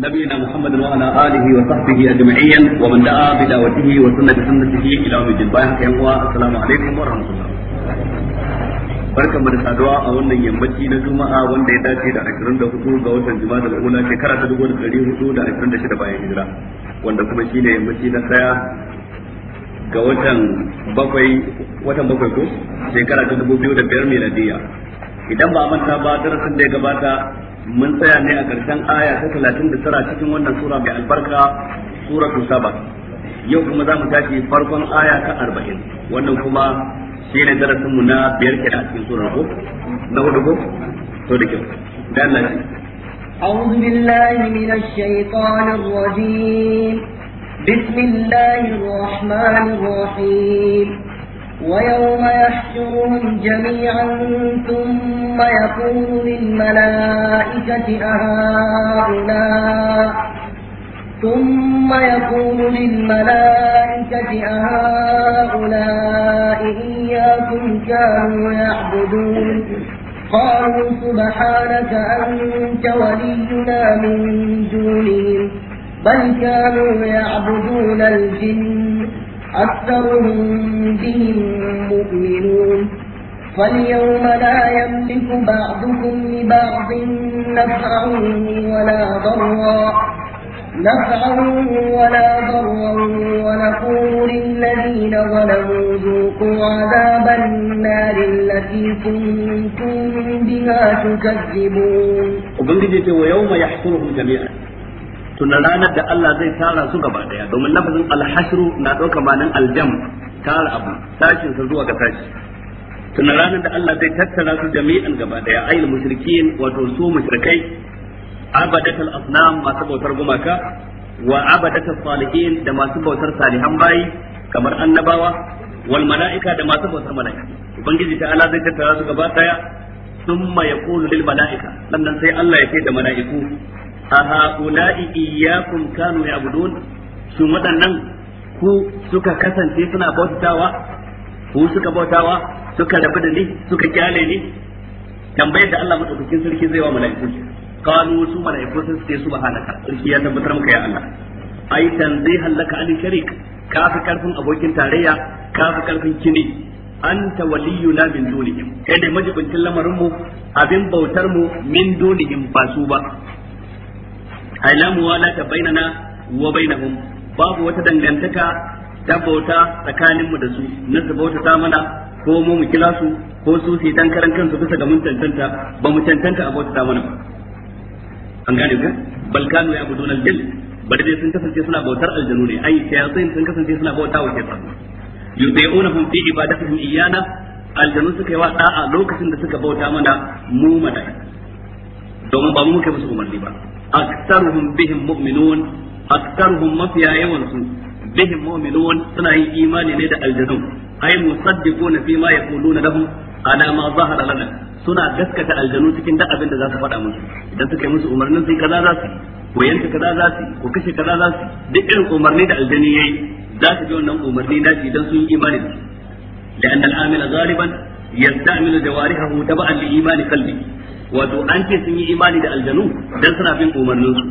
نبينا محمد وعلى اله وصحبه اجمعين ومن دعا بدعوته وسنة سنته الى يوم الدين باي حكى السلام عليكم ورحمه الله barkan da saduwa a wannan yammaci na juma'a wanda ya dace da 24 ga watan juma'a da ula shekara ta 2426 bayan hijira wanda kuma shine yammaci na tsaya ga watan bakwai watan bakwai ko shekara ta 2005 miladiyya idan ba manta ba darasin da ya gabata mun tsaya ne a ƙarshen aya ta talatin da tara cikin wannan sura mai albarka suratu saba yau kuma za mu tashi farkon aya ta arba'in wannan kuma shi ne darasinmu na biyar kenan a cikin surar ko na hudu ko to da kyau da Allah أعوذ بالله من الشيطان الرجيم بسم الله الرحمن الرحيم ويوم يحشرهم جميعا ثم يقول للملائكة أهؤلاء ثم يقول للملائكة أهؤلاء إياكم كانوا يعبدون قالوا سبحانك أنت ولينا من دونهم بل كانوا يعبدون الجن أكثرهم بهم مؤمنون فاليوم لا يملك بعضكم لبعض نفعا ولا ضرا نفعا ولا ضرا ونقول للذين ظلموا ذوقوا عذاب النار التي كنتم بها تكذبون وبنجد ويوم يحشرهم جميعا tuna ranar da Allah zai tara su gaba daya domin lafazin alhashru na ɗauka ma'anar aljam tara abu sashin sa zuwa ga sashi tuna ranar da Allah zai tattara su jami'an gaba daya ayyul mushrikin wato su mushrikai abadatul asnam masu bautar gumaka wa abadatul salihin da masu bautar salihan bayi kamar annabawa wal mala'ika da masu bautar mala'ika ubangiji ta Allah zai tattara su gaba daya summa yaqulu lil mala'ika sannan sai Allah ya ce da mala'iku a ha'ula'i iyyakum kanu ya'budun su waɗannan ku suka kasance suna bautawa ku suka bautawa suka rabu da ni suka kyale ni tambayar da Allah madaukakin sarki zai wa mala'iku kanu su mala'iku sun ce subhanaka sarki ya tabbatar maka ya Allah ai tanzihan laka an sharik ka fi karfin abokin tarayya ka fi karfin kini anta waliyuna min dunihim kai ne majibin lamarin mu abin bautar mu min dunihim ba su ba ailamu la muwalata bainana wa bainahum babu wata dangantaka ta bauta tsakanin mu da su na su bauta ta mana ko mu mu kira su ko su su dan karan kansu bisa ga mun tantanta ba mu tantanta a bauta ta mana ba an gane ka bal kanu ya budun aljin bari dai sun kasance suna bautar aljanu ne ai shayatin sun kasance suna bauta wa shaytan yudai'unahum fi ibadatihim iyana aljanu suka yi wa da'a lokacin da suka bauta mana mu mata domin ba mu muke musu umarni ba aktsaruhum bihim mu'minun aktsaruhum mafiya yawan su bihim mu'minun suna yin imani ne da aljanu ay musaddiquna fi ma yaquluna lahum ala ma zahara lana suna gaskata aljanu cikin duk da za su faɗa musu idan suka musu umarnin sai kaza za su ko yanka kaza za su ko kashe kaza za su duk umarni da aljani yayi za umarni na idan sun yi imani da shi لأن العامل غالبا يستعمل جوارحه تبعا لإيمان قلبه wato an ce sun yi imani da aljanu dan suna bin umarnin su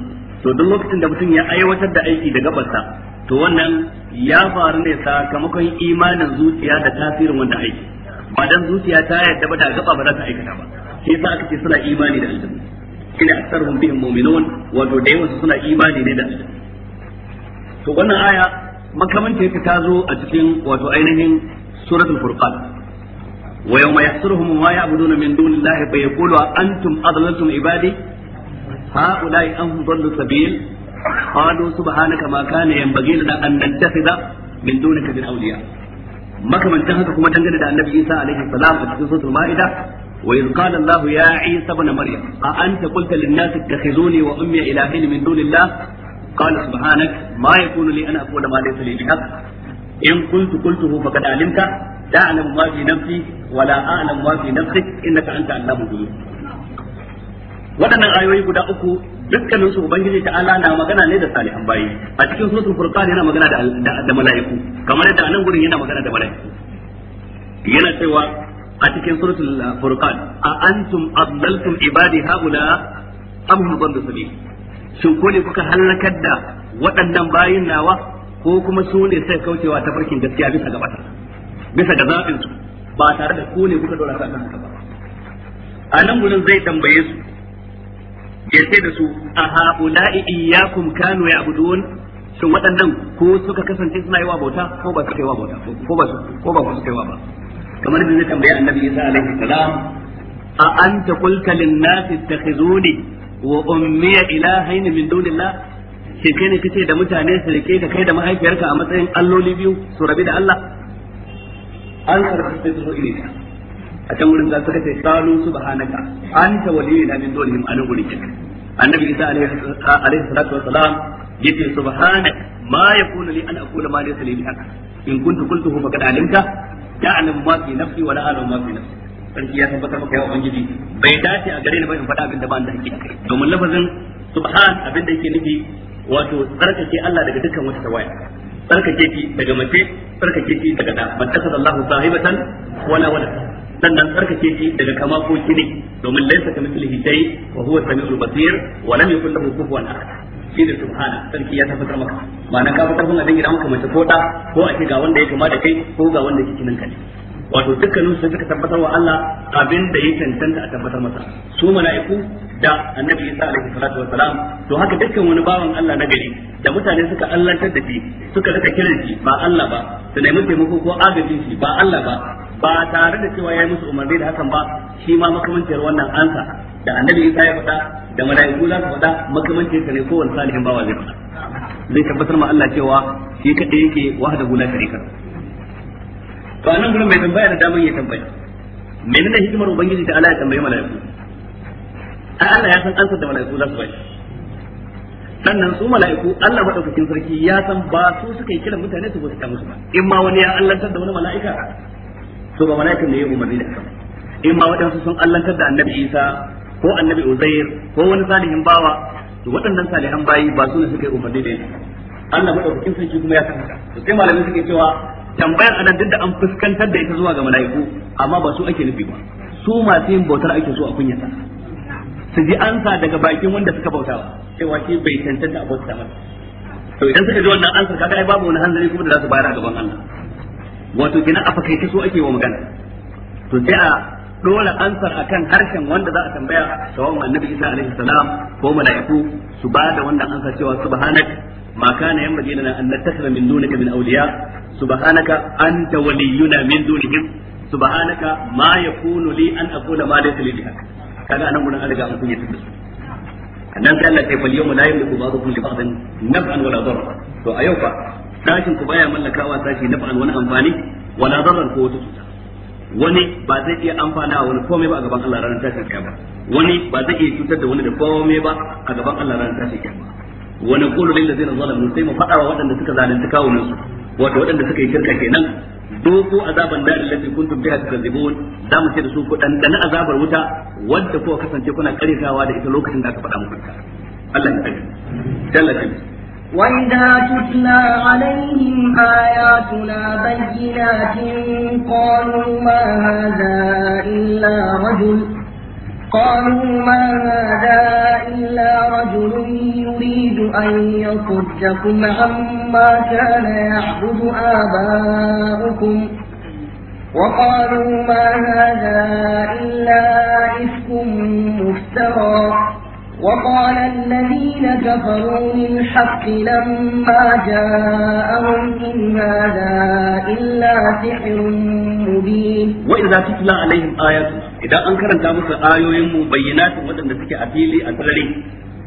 to duk lokacin da mutum ya aiwatar da aiki da gabarsa to wannan ya faru ne sakamakon imanin zuciya da tasirin wanda aiki ba dan zuciya ta yadda ba da gaba ba za ta aikata ba sai sa aka ce suna imani da aljanu shine aktsaruhum bihim mu'minun wato da yawan suna imani ne da aljanu to wannan aya makamanta yake ta zo a cikin wato ainihin suratul furqan ويوم يحصرهم وما يعبدون من دون الله فيقول أنتم أضللتم عبادي هؤلاء أنهم ضلوا السبيل قالوا سبحانك ما كان ينبغي لنا أن نتخذ من دونك من أولياء makamantan haka kuma dangane da annabi Isa alaihi salam a cikin suratul Maida wa idh qala Allah ya Isa ibn Maryam a anta qulta lin nasi ittakhizuni wa ummi ilahin min dunillah qala subhanak ma yakunu li an aqula ma laysa li bihaq in kuntu أعلم ما في نفسي ولا أعلم ما في نفسك إنك أنت علام الغيوب waɗannan ayoyi guda uku dukkaninsu su ubangiji ta'ala na magana ne da salihan bayi a cikin suratul furqan yana magana da da mala'iku kamar yadda anan gurin yana magana da mala'iku yana cewa a cikin suratul furqan a antum adlaltum ibadi haula am hum dhallu sabil shin ko ne kuka halakar da waɗannan bayin nawa ko kuma su ne sai kaucewa ta farkin gaskiya bisa gabata bisa ga zaɓin su ba tare da ko ne kuka dora su akan haka ba a nan gurin zai tambaye su ya ce da su a haula'i iyyakum kanu ya'budun shin waɗannan ko suka kasance suna yi wa bauta ko ba su kai wa bauta ko ba ko ba su kai wa ba kamar da zai tambaye annabi Isa alaihi salam a an anta qulta lin-nasi ne, wa ummi ilahayn min dunillah shin kai ne kace da mutane su rike da kai da mahaifiyarka a matsayin alloli biyu su rabi da Allah an karbi sai su zo a can wurin za su kace qalu subhanaka anta waliyina min dunihim an gurin kika annabi isa alaihi salatu wassalam yace subhanak ma yakunu li an aqula ma laysa li bihaqa in kuntu qultuhu faqad alimta ta'lamu ma fi nafsi wa la a'lamu ma fi nafsi sarki ya tabbatar maka ya ubangiji bai dace a gare ni ba in faɗa abin da ba da hakika domin lafazin subhan abin da yake nufi wato tsarkake Allah daga dukkan wata tawaya tsarkake ki daga mace tsarkake ki daga da ba tasar Allah sahibatan wala wala sannan tsarkake ki daga kama ko kine domin laisa ka mislihi shay wa huwa samiul basir wa lam yakul lahu kufuwan ahad shi ne subhana sarki ya tabbatar maka ma'ana ka fitar mun a dangira maka mace ko da ko a ce ga wanda ya kama da kai ko ga wanda yake kinin ka ne wato dukkanin su suka tabbatar wa Allah abin da ya cancanta a tabbatar masa su mala'iku da annabi Isa alaihi salatu salam to haka dukkan wani bawan Allah na gari da mutane suka allantar da shi suka rika kiran shi ba Allah ba su nemi taimako ko agajin shi ba Allah ba ba tare da cewa ya yi musu umarni da hakan ba shi ma makamancin wannan ansa da annabi Isa ya faɗa da mala'iku za su faɗa makamancin ta ne kowanne salihin bawa zai faɗa zai tabbatar ma Allah cewa shi kadai yake wahdahu la sharika to anan gurin mai tambaya da daman ya tambaya menene hikimar ubangiji ta Allah ya tambaye mala'iku ai Allah ya san ansar da mala'iku za su bai sannan su mala'iku Allah madaukakin sarki ya san ba su suka yi kiran mutane su bauta musu ba in ma wani ya allantar da wani mala'ika to ba mala'ikan ne ya umarni da kan in ma wadansu sun allantar da annabi Isa ko annabi Uzair ko wani salihin bawa to waɗannan salihan bayi ba su ne suka yi umarni da yin Allah madaukakin sarki kuma ya san haka to sai malamai suke cewa tambayar anan duk da an fuskantar da ita zuwa ga mala'iku amma ba su ake nufi ba su masu yin bautar ake so a kunyata su ji ansa daga bakin wanda suka bautawa cewa shi bai tantance a bauta to idan suka ji wannan ansa kaga ai babu wani hanzari kuma da za su bayar a gaban Allah wato kina a fakaice so ake wa magana to sai a dole ansar akan harshen wanda za a tambaya sawan annabi Isa alaihi salam ko mala'iku su ba da wannan ansa cewa subhanak ma kana yanbaghi lana an nattakhira min dunika min awliya subhanaka anta waliyuna min dunihim subhanaka ma yakunu li an aqula ma laysa li bihaq kaga anan gurin an riga an kunyata da su annan sai Allah ya fal yawma la yamliku ba'dukum li ba'din naf'an wala darra to a yau fa sashin ku baya mallakawa sashi naf'an wani amfani wala darran ko wata cuta wani ba zai iya amfana wani komai ba a gaban Allah ranar tashin kiyama wani ba zai iya cutar da wani da komai ba a gaban Allah ranar tashin kiyama wani kullu lil ladina zalamu sai mu fada wa waɗanda suka zalunci kawunan su wato waɗanda suka yi shirka kenan Doko azaban da allati kuntum biha tukadzibun da mu ce da su ku dan dan azabar wuta wanda ko kasance kuna karitawa da ita lokacin da aka faɗa muku Allah ya tabbata وإذا تتلى عليهم آياتنا بينات قالوا ما هذا إلا رجل قالوا ما هذا إلا رجل يريد أن يصدكم عما كان يعبد آباؤكم وقالوا ما هذا إلا إفك مفترى وقال الذين كفروا للحق لما جاءهم إن هذا إلا سحر مبين وإذا تتلى عليهم آياتنا idan an karanta musu ayoyin mu bayyinatin waɗanda suke a fili a sarari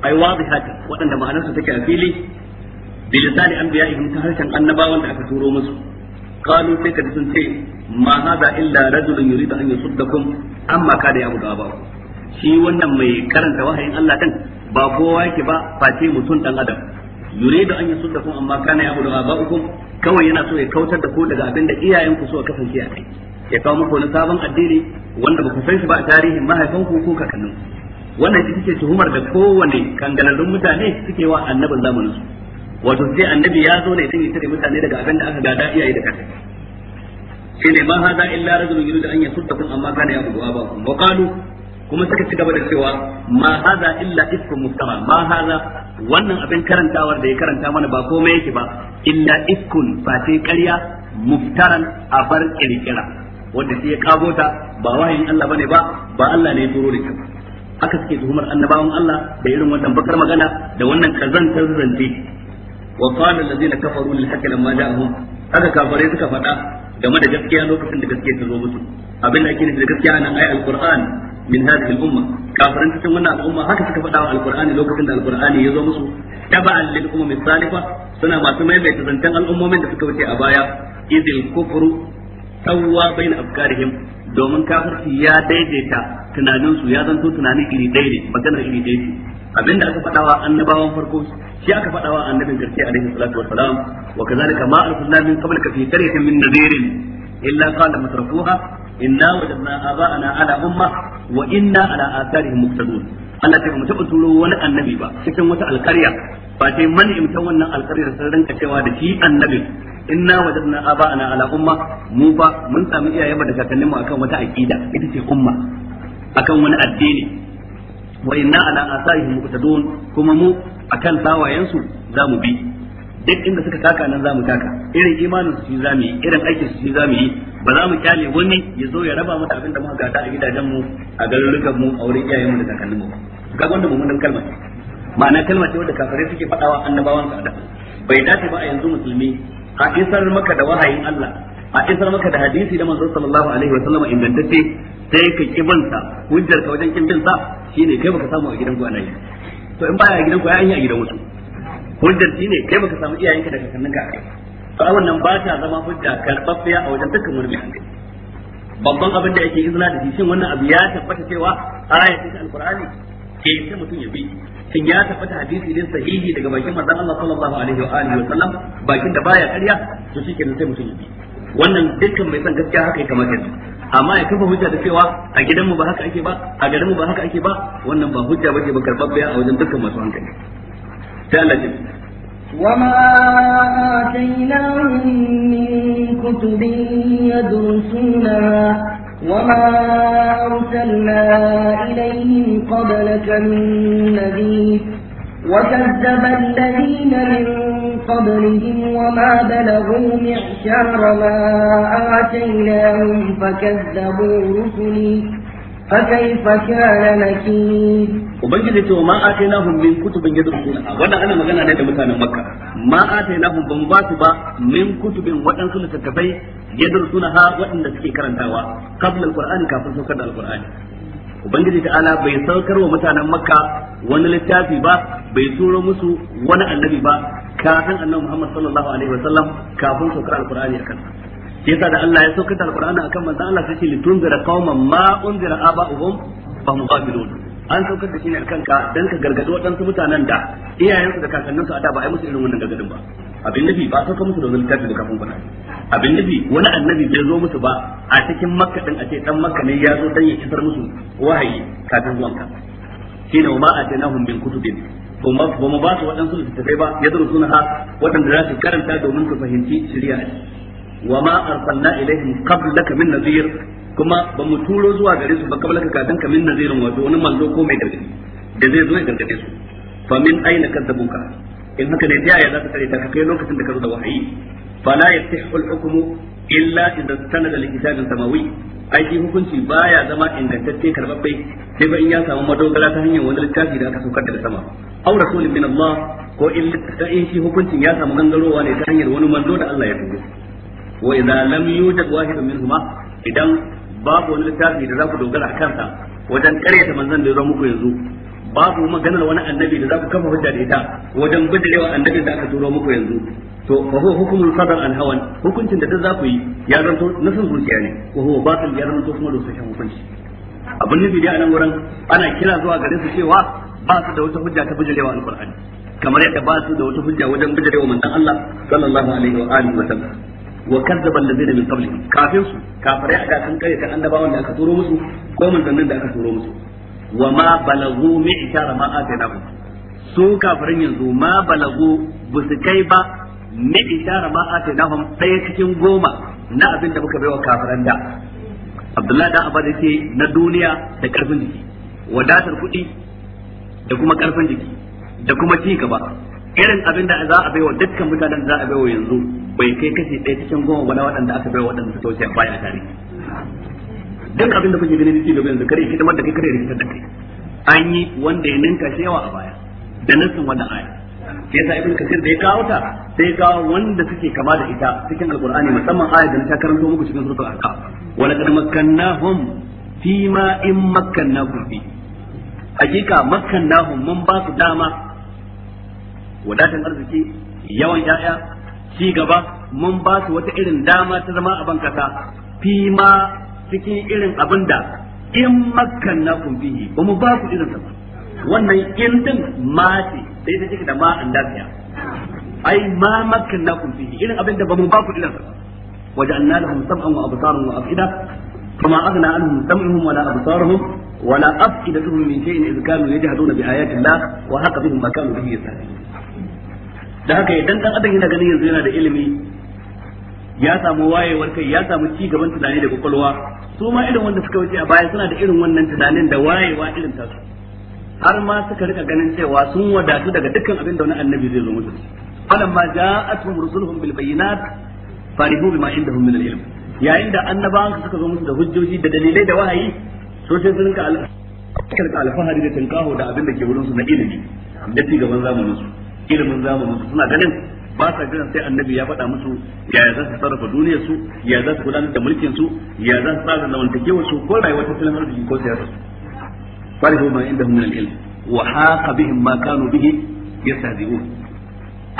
ai haka waɗanda ma'anarsa take a fili bi lisani anbiya'ihim ta harshen annabawan da aka turo musu qalu sai ka sun ce ma hada illa rajulun yuridu an yusaddakum amma kada ya mutu gaba shi wannan mai karanta wahayin Allah din ba kowa yake ba face mutum dan adam yuridu an yusaddakum amma kana ya mutu ba kawai yana so ya kautar da ku daga abin da iyayenku suka kasance a kai ya kawo muku wani sabon addini wanda ba ku san shi ba a tarihin ku ko kakannin wannan ita ce tuhumar da kowane kangalalun mutane suke wa annabin zamanin su wato sai annabi ya zo ne tun ya tare mutane daga abin da aka gada iyaye da shi ne ma haza illa rajulun yuridu an kun amma kana ya'budu abakum wa qalu kuma suka ci gaba da cewa ma haza illa ismu mustama ma haza wannan abin karantawar da ya karanta mana ba komai yake ba illa fa sai ƙarya muftaran a bar kirkira wanda shi ya kago ta ba wahayin Allah bane ba ba Allah ne ya turo da ita haka suke tuhumar annabawan Allah da irin wannan bakar magana da wannan kazantar zance wa qala allazina kafaru lil haqqi lamma ja'ahum haka kafirai suka faɗa game da gaskiya lokacin da gaskiya ta zo musu abin da ake nufi da gaskiya nan ai alquran min hadhihi al-umma kafirin cikin wannan al'umma haka suka faɗa wa alqur'ani lokacin da alqur'ani ya zo musu taba'an lil ummi salifa suna masu maimaita zancen al'ummomin da suka wuce a baya idil kufru sawwa bain afkarihim domin kafirci ya daidaita tunaninsu ya zanto tunanin iri ɗaya ne maganar iri ɗaya ce abinda aka faɗawa annabawan farko shi aka faɗawa annabin a alaihi salatu wassalam wa kazalika ma arsalna min qablika fi qaryatin min nadhirin illa qala mutrafuha inna wajadna aba'ana ala umma wa inna ala atharihim muqtadun Allah ta mu taɓa turo wani annabi ba cikin wata alƙarya ba sai man imta wannan alƙaryar sun rinka cewa da shi annabin inna wajadna aba'ana ala umma mu fa mun sami iyaye mu da kakannin mu akan wata aqida ita ce umma akan wani addini wa inna ala asahi muqtadun kuma mu akan tawayen su zamu bi duk inda suka taka nan zamu taka irin imanin su zamu yi irin aikin su zamu yi ba za mu kyale wani ya zo ya raba mu abin da muka gata a gidajen mu a garurukan mu a wurin iyayen mu da kakannin mu ga wanda mu mun kalmar ma'ana kalmar ce wadda kafirai suke faɗawa annabawan su da bai dace ba a yanzu musulmi a isar maka da wahayin Allah a isar maka da hadisi da manzon sallallahu alaihi wa wasallam ingantacce sai ka kibanta hujjar ka wajen kin sa shine kai baka samu a gidan gwanaye to in baya a gidan gwanaye ya yi a gidan wasu hujjar shine kai baka samu iyayenka da kakannin ka. kai to a wannan ba ta zama hujja karɓaffiya a wajen dukkan wani mai hankali babban abin da yake izina da shi shin wannan abu ya tabbata cewa ayatul qur'ani ke eh, sai mutum ya bi shin ya tabbata hadisi din sahihi daga bakin manzon Allah sallallahu alaihi wa alihi wa sallam bakin da baya ƙarya to shikenan sai mutum yi wannan dukkan mai son gaskiya haka ya kamata ya amma ya kafa hujja da cewa a gidanmu ba haka ake ba a garinmu ba haka ake ba wannan ba hujja bace ba karbabbiya a wajen dukkan masu hankali sai Allah ya وما آتيناهم من كتب يدرسونها وما أرسلنا إليهم قبلك من نذير وكذب الذين من قبلهم وما بلغوا معشار ما آتيناهم فكذبوا رسلي فكيف كان نكير ubangiji ce ma atainahum min kutubin yadrusuna wannan ana magana ne da mutanen makka ma atainahum ban ba su ba min kutubin waɗansu littattafai yadrusuna ha waɗanda suke karantawa qabla alqur'ani kafin saukar da alqur'ani ubangiji ala bai saukar wa mutanen makka wani littafi ba bai turo musu wani annabi ba kafin annabi muhammad sallallahu alaihi wasallam kafin saukar alqur'ani akan yasa da Allah ya saukar da alqur'ani akan manzon Allah sai ce litunzira qauman ma unzira aba'uhum fa hum ghafilun an saukar da shi ne akan ka dan ka gargadi waɗansu mutanen da iyayensu da kakanninsu a da ba a yi musu irin wannan gargadin ba abin nufi ba sauka musu da wani littafi da kafin kuna abin nufi wani annabi bai zo musu ba a cikin makka din a ce dan makka ne ya zo dan ya isar musu wahayi kafin zuwan ka shi ne ma atanahum min kutubin kuma ba mu ba su waɗansu littattafai ba ya zuru suna ha waɗanda za su karanta domin su fahimci shari'a wa ma arsalna ilaihim qablaka min nadhir kuma ba mu turo zuwa gare su ba kabla ka kadan kamin nazirin wato wani manzo ko mai gargadi da zai zo ya gargade su fa min aina kadzabuka in haka ne ta za ka kare ta kai lokacin da ka zo da wahayi fala yatihu al-hukmu illa idan sanada da kitabin samawi aiki hukunci baya zama ingantacce karbabbe sai ba in ya samu madogara ta hanyar wani littafi da aka saukar daga sama aw rasulun min Allah ko in ta in shi hukuncin ya samu gangarowa ne ta hanyar wani manzo da Allah ya tuba wa idan lam yujad wahidun minhuma idan babu wani littafi da za ku dogara a kansa wajen karyata manzan da ya zo muku yanzu babu maganar wani annabi da za ku kafa hujja da ita wajen bijirewa annabi da aka turo muku yanzu to fa huwa hukumun sadar an hawan hukuncin da duk za ku yi ya zanto na san zuciya ne wa huwa batil ya zanto kuma da sashen hukunci abin nufi dai a nan wurin ana kira zuwa gare su cewa ba su da wata hujja ta bijirewa alqur'ani kamar yadda ba su da wata hujja wajen bijirewa manzon Allah sallallahu alaihi wa alihi wa sallam wa kadzdzaba alladheena min qablihim kafin su kafirai aka sun kare ta annabawan da aka turo musu ko manzannin da aka turo musu wa ma balagu mi'tara ma atainahum su kafirin yanzu ma balagu su kai ba mi'tara ma atainahum ɗaya cikin goma na abin da muka baiwa kafiran da Abdullahi dan Abba yake na duniya da karfin jiki wadatar kuɗi da kuma karfin jiki da kuma ci gaba irin abin da za a baiwa dukkan mutanen da za a baiwa yanzu bai kai kashi ɗaya cikin goma ba na waɗanda aka bai waɗanda su wuce a baya tarihi duk abin da kuke ganin cikin yanzu kare hidimar da kai kare rikitar da kai an yi wanda ya ninka shi yawa a baya da nassin wannan aya sai sa ibn kasir da ya kawo ta sai ya kawo wanda suke kama da ita cikin alqur'ani musamman aya da ta karanto muku cikin suratul ahqaf wa laqad makkannahum fi ma in makanna fi hakika makkannahum mun ba su dama wadatan arziki yawan yaya ci gaba mun ba su wata irin dama ta zama a kasa fi ma cikin irin abin da in makar na bihi ba mu ba ku irin sama wannan in din ma ce sai ta cika da ma an dafiya ai ma makar na bihi irin abin da ba mu ba ku irin sama waje'an na lahum sam'an wa abu absarun wa afida kuma na na abu anhum sam'uhum wala absarun wala afida tuhum min shay'in iz kanu yajhaduna bi ayati llah wa haka bihim ma kanu bihi yasta'in da haka idan dan adam yana ganin yanzu yana da ilimi ya samu wayewar kai ya samu ci gaban tunani da kwakwalwa su ma irin wanda suka wuce a baya suna da irin wannan tunanin da wayewa irin su har ma suka rika ganin cewa sun wadatu daga dukkan abin da wani annabi zai zo musu ma ja'atuhum rusuluhum bil bayyinat farihu bima indahum min al-ilm yayin da annabawan suka zo musu da hujjoji da dalilai da wahayi so sai sun ka alfahari da tinkaho da abin da ke wurin su na ilimi da ci gaban zamanin su ilimin zamanin su suna ganin ba sa jiran sai annabi ya faɗa musu ya za su sarrafa duniyar su ya za su gudanar da mulkin su ya za su tsara zamantakewar su ko rayuwar tattalin arziki ko siyasa su farihu ma inda min al-ilm wa haqa bihim ma kanu bihi yastahzi'un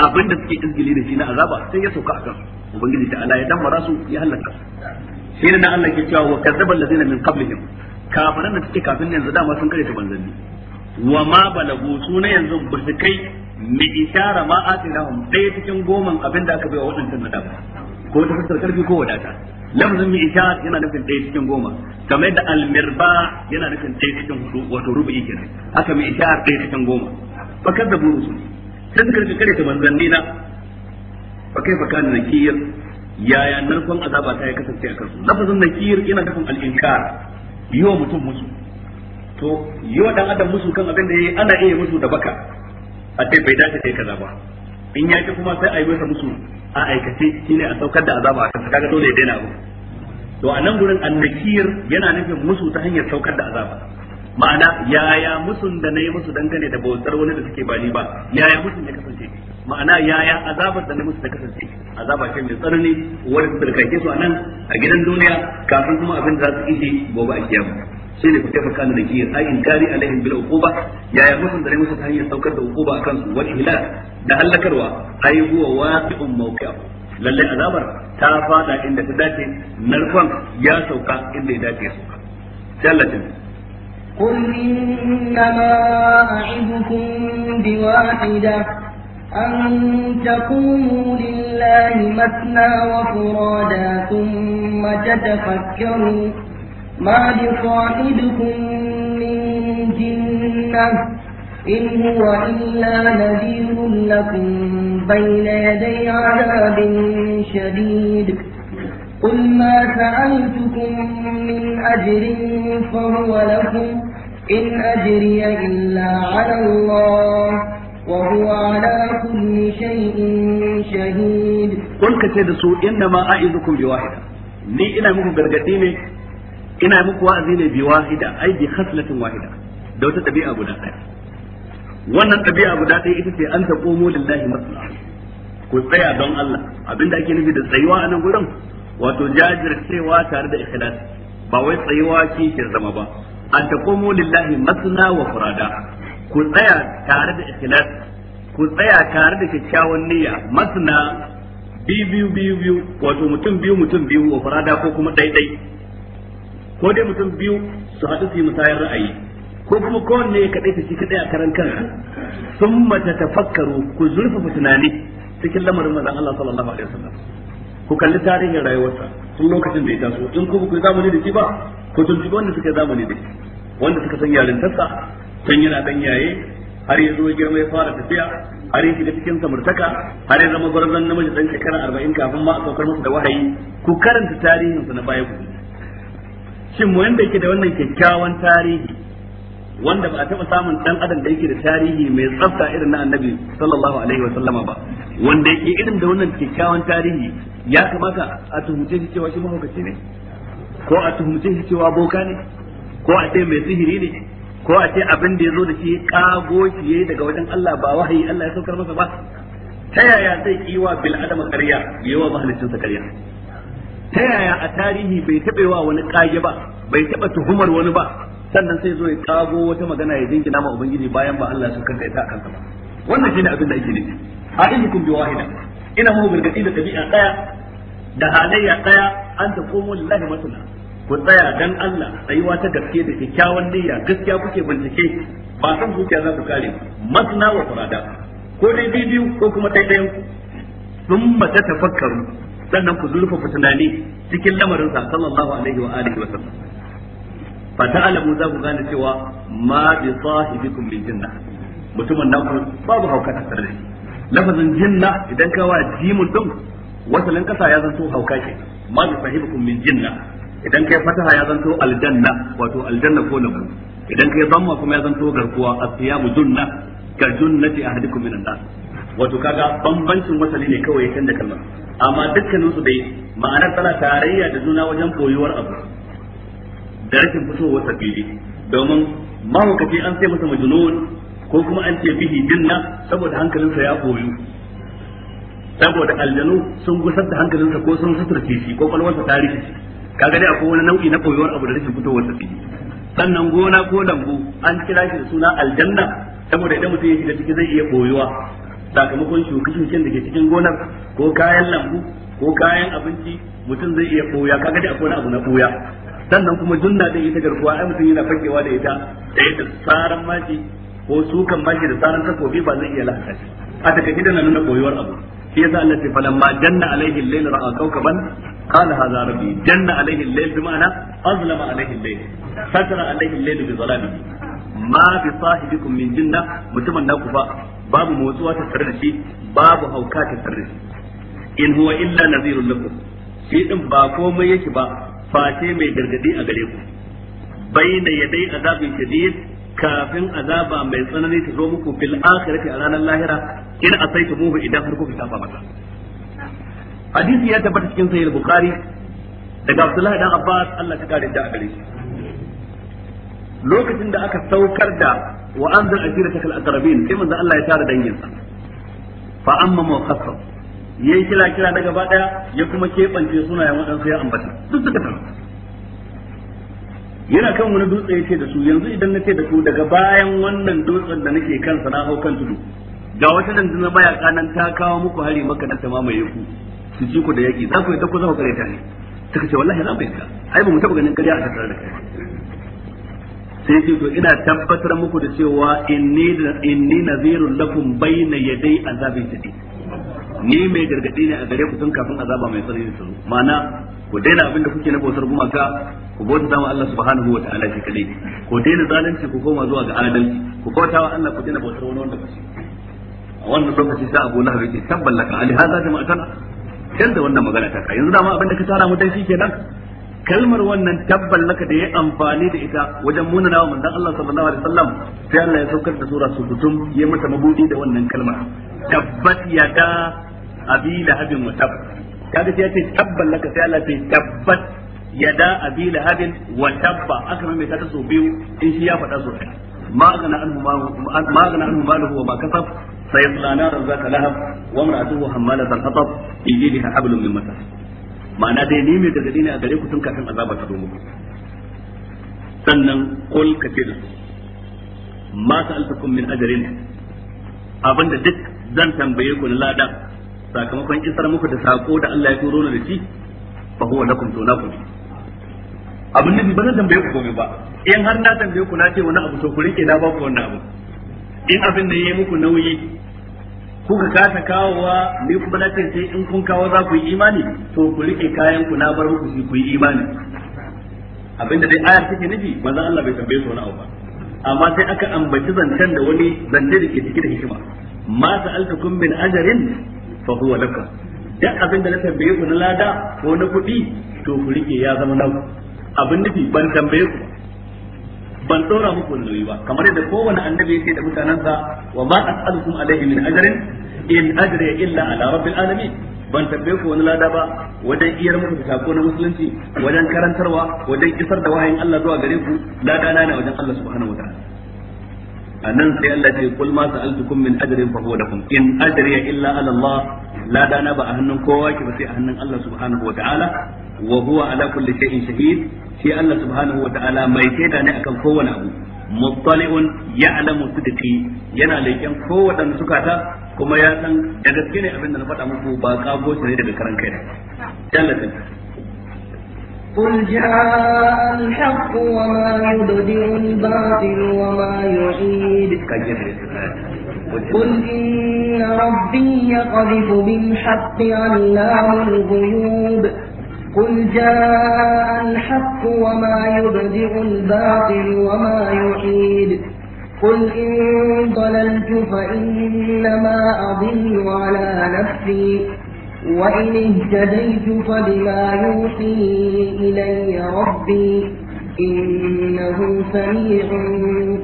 abinda suke izgili da shi na azaba sai ya sauka akan ubangiji ta Allah ya damara su ya halaka su shi ne Allah ke cewa wa kadzaba allazina min qablihim kafiran da suke kafin yanzu dama sun kare ta banzanni wa ma balagu su ne yanzu kai. mi ishara ma atinahum daya cikin goman abin da aka bai wa waɗancan dafa. ko ta fuskar karfi ko wadata lafazin mi isara yana nufin daya cikin goma kamar da almirba yana nufin daya cikin hudu wato rubu'i kenan haka mi isara daya cikin goma fakar da burusu sai suka rika kare ta manzanni na fa kaifa kana nakir yaya narkon azaba ta ya kasance a kansu lafazin nakir yana nufin al'inkar inkar yi wa mutum musu to yi wa dan adam musu kan abin da yi ana iya musu da baka a ce bai dace kai kaza ba in ya ki kuma sai a yi masa musu a aikace shine a saukar da azaba a kansa kaga dole ya daina abu to a nan gurin annakir yana nufin musu ta hanyar saukar da azaba ma'ana yaya musun da nayi musu dangane da bautar wani da suke ba ni ba yaya musun da kasance ma'ana yaya azabar da na musu da kasance azaba ce mai tsanani wanda su da kake su a nan a gidan duniya kafin kuma abin da za su ije gobe a kiyama sai ne kuke fakan da ke ai kari alaihim bil uquba ya mutum da musu ta hanyar saukar da uquba akan su wal ihlak da halakarwa ai huwa waqi'un mawqi'a lalle azabar ta fada inda ta dace narkon ya sauka inda ya dace sauka jallatin قل إنما أعظكم بواحدة أن تقوموا لله مثنى وفرادا ثم تتفكروا ما بصاحبكم من جنة إن هو إلا نذير لكم بين يدي عذاب شديد قل ما سألتكم من أجر فهو لكم إن أجري إلا على الله وهو على كل شيء شهيد قل كتير سوء إنما أعظكم بواحدة ni ina muku gargaɗi ne ina muku wa'azi ne bi wahida ai bi khaslatin wahida da wata tabi'a guda ɗaya. wannan tabi'a guda ɗaya ita ce an komo lillahi masala ku tsaya don Allah abinda ake nufi da tsayuwa a nan gurin wato jajircewa tare da ikhlas ba wai tsayuwa ke zama ba an komo lillahi masala wa furada ku tsaya tare da ikhlas ku tsaya tare da kyakkyawan niyya masna biyu biyu biyu wato mutum biyu mutum biyu wa furada ko kuma ɗaiɗai ko dai mutum biyu su haɗu su yi musayar ra'ayi ko kuma kowanne ya kaɗai ta shi kaɗai a karan kansa sun mata tafakkaru ku zurfafa tunani cikin lamarin mazan Allah sallallahu alaihi wasallam ku kalli tarihin rayuwarsa tun lokacin da ya taso in ku ku zamani da shi ba ku tuntuɓi wanda suka zamani da shi wanda suka san yarintarsa tun yana ɗan yaye har ya zo girma ya fara tafiya har ya shiga cikin samartaka har ya zama gwarzon namiji dan shekara arba'in kafin ma a saukar masa da wahayi ku karanta tarihinsa na baya ku shin wanda yake da wannan kyakkyawan tarihi wanda ba a taɓa samun ɗan adam da yake da tarihi mai tsafta irin na annabi sallallahu alaihi wa sallama ba wanda yake irin da wannan kyakkyawan tarihi ya kamata a tuhumce shi cewa shi mahaukaci ne ko a tuhumce shi cewa boka ne ko a ce mai sihiri ne ko a ce abin da ya zo da shi kago shi yayi daga wajen Allah ba wahayi Allah ya saukar masa ba ta yaya zai kiwa bil adama ƙarya yawa sa ƙarya ta yaya a tarihi bai taɓa wa wani ƙage ba bai taɓa tuhumar wani ba sannan sai zo ya kago wata magana ya dingina ma ubangiji bayan ba Allah ya kanta ita a ba wannan shine abin da yake ne. a kun bi wahida ina mu gargadi da tabi'a daya da halayya daya an ta komo lillahi masala ku tsaya dan Allah tsayuwa ta gaske da kyakkyawan niyya gaskiya kuke bincike ba san zuciya za ku kare masna wa furada ko dai bidiyu ko kuma ɗaiɗayan sun mata tafakkaru sannan ku ku tunani cikin lamarin sa sallallahu alaihi wa alihi wa sallam fa ta'lamu za ku gane cewa ma bi sahibikum bil jinna mutumin nan ku babu hauka a tare lafazin jinna idan ka wa jimun din wasalin kasa ya zanto hauka ke ma bi sahibikum min jinna idan kai fataha ya zanto aljanna wato aljanna ko nabu idan kai zamma kuma ya zanto garkuwa asiyamu junna ka junnati ahadikum minan nas wato kaga bambancin wasali ne kawai kan da kalmar amma dukkanin su dai ma'anar tana tarayya da juna wajen koyuwar abu da rashin fitowar sa fili domin mahaukaci an sai masa majnun ko kuma an ce bihi dinna saboda hankalinsa ya koyu saboda aljanu sun gusar da hankalinsa ko sun suturce shi ko kwalwarsa ta rikici kaga dai akwai wani nau'i na koyuwar abu da rashin fitowar sa fili sannan gona ko lambu an kira shi da suna aljanna saboda idan mutum ya shiga ciki zai iya koyuwa sakamakon shuke-shuken da ke cikin gonar ko kayan lambu ko kayan abinci mutum zai iya koya kaga da akwai abu na koya sannan kuma dunna da ita garkuwa ai mutum yana fakewa da ita da ita tsaran maji ko sukan maji da tsaran takobi ba zai iya lahaka a takaice da nuna koyuwar abu shi yasa Allah ya ce ma janna alaihi al-layl ra'a kawkaban qala hadha rabbi janna alaihi al-layl bi ma'ana azlama alaihi al-layl satara alaihi al-layl bi zalamihi ma bi sahibikum min jinna mutumin naku ba babu motsuwa ta tare da shi babu hauka ta tare da shi in huwa illa nazirun lakum shi din ba komai yake ba face mai gargadi a gare ku bayna yadai azabin shadid kafin azaba mai tsanani ta zo muku fil akhirati a ranar lahira in asaitu muhu idan har kuka saba mata hadisi ya tabbata cikin sahih bukhari daga abdullahi dan abbas Allah ta kare da a gare shi lokacin da aka saukar da wa anzal asiratakal aqrabin sai manzo Allah ya tara danginsa fa amma muqassam yayi kira kira daga gaba ya kuma kebance sunayen wadansu ya ambata duk suka taru yana kan wani dutse yace da su yanzu idan nace da su daga bayan wannan dutsen da nake kansa na hau kan tudu ga wata rundunar baya kanan ta kawo muku hari maka da ta mamaye ku su ji ku da yaki za ku yi ta ku za ku kare ta ne suka ce wallahi za mu yi ka ai ba mu taba ganin kariya a tattare da kai sai ce to ina tabbatar muku da cewa inni inni nazirul lakum bayna yaday azabin shadid ni mai gargadi ne a gare ku tun kafin azaba mai tsanani su ma'ana ku daina abin da kuke na bautar gumaka ku bauta dama Allah subhanahu wa ta'ala shi kadai ku daina zalunci ku koma zuwa ga adalci ku bauta wa Allah ku daina bautar wani wanda ba shi a wannan lokaci sai Abu Lahab yake tabballaka ali hada jama'atan kan da wannan magana ta kai yanzu dama abin da ka tara mu dai shikenan kalmar wannan tabbal laka da ya amfani da ita wajen munana wa manzon Allah sallallahu alaihi wasallam sai Allah ya saukar da sura sukutum ya mata mabudi da wannan kalmar tabbat yada abi lahabin wa tab kaga sai ya ce tabbal laka sai Allah ya tabbat yada abi lahabin wa tabba aka mai ta so biyu in shi ya faɗa so ma agana anhu ma agana anhu maluhu wa ma kasab sayasla naran zata lahab wa imra'atuhu hammalat al-hatab bi yadiha hablum min masad ma'ana dai ni mai gargadi ne a gare ku tun kafin azaba ta zo muku sannan kul ka ce da su ma sa'altukum min ajrin abinda duk zan tambaye ku na lada sakamakon isar muku da sako da Allah ya turo da shi fa huwa lakum to ku abin nabi ba zan tambaye ku komai ba in har na tambaye ku na ce wani abu to ku rike na ba ku wannan abu in abin da yayi muku nauyi kuka kasa kawowa ni kuma na ce sai in kun kawo za ku yi imani to ku rike kayan ku na bar muku ku yi imani abinda dai ayar take nufi manzo Allah bai tambaye su wani abu ba amma sai aka ambaci zancen da wani zance da ke cike da hikima ma sa'altukum min ajrin fa huwa lakum duk abinda na tambaye ku na lada ko na kuɗi to ku rike ya zama naku abin nufi ban tambaye ku ban dora muku wani nauyi ba kamar yadda kowane annabi yake da mutanansa wa ma as'alukum alaihi min ajrin in ajriya illa ala rabbil alamin ban tabbe ku wani lada ba wajen iyar muku da sako na musulunci wajen karantarwa wajen isar da wahayin Allah zuwa gare ku lada na ne wajen Allah subhanahu wa ta'ala anan sai Allah ce kul ma sa'altukum min ajrin fa huwa lakum in ajriya illa ala Allah lada na ba a hannun kowa ki ba sai a hannun Allah subhanahu wa ta'ala wa huwa ala kulli shay'in shahid shi Allah subhanahu wa ta'ala mai kaida ne akan kowane abu muttali'un ya'lamu sidqi yana leken kowadan sukata kuma ya san da gaske ne abin da na faɗa muku ba kago shi ne daga karan kai ne قل جاء الحق وما يبدئ الباطل وما يعيد قل إن ربي يقذف بالحق علام الغيوب قل جاء الحق وما يبدئ الباطل وما يعيد قل إن ضللت فإنما أضل على نفسي وإن اهتديت فبما يوحي إلي ربي إنه سميع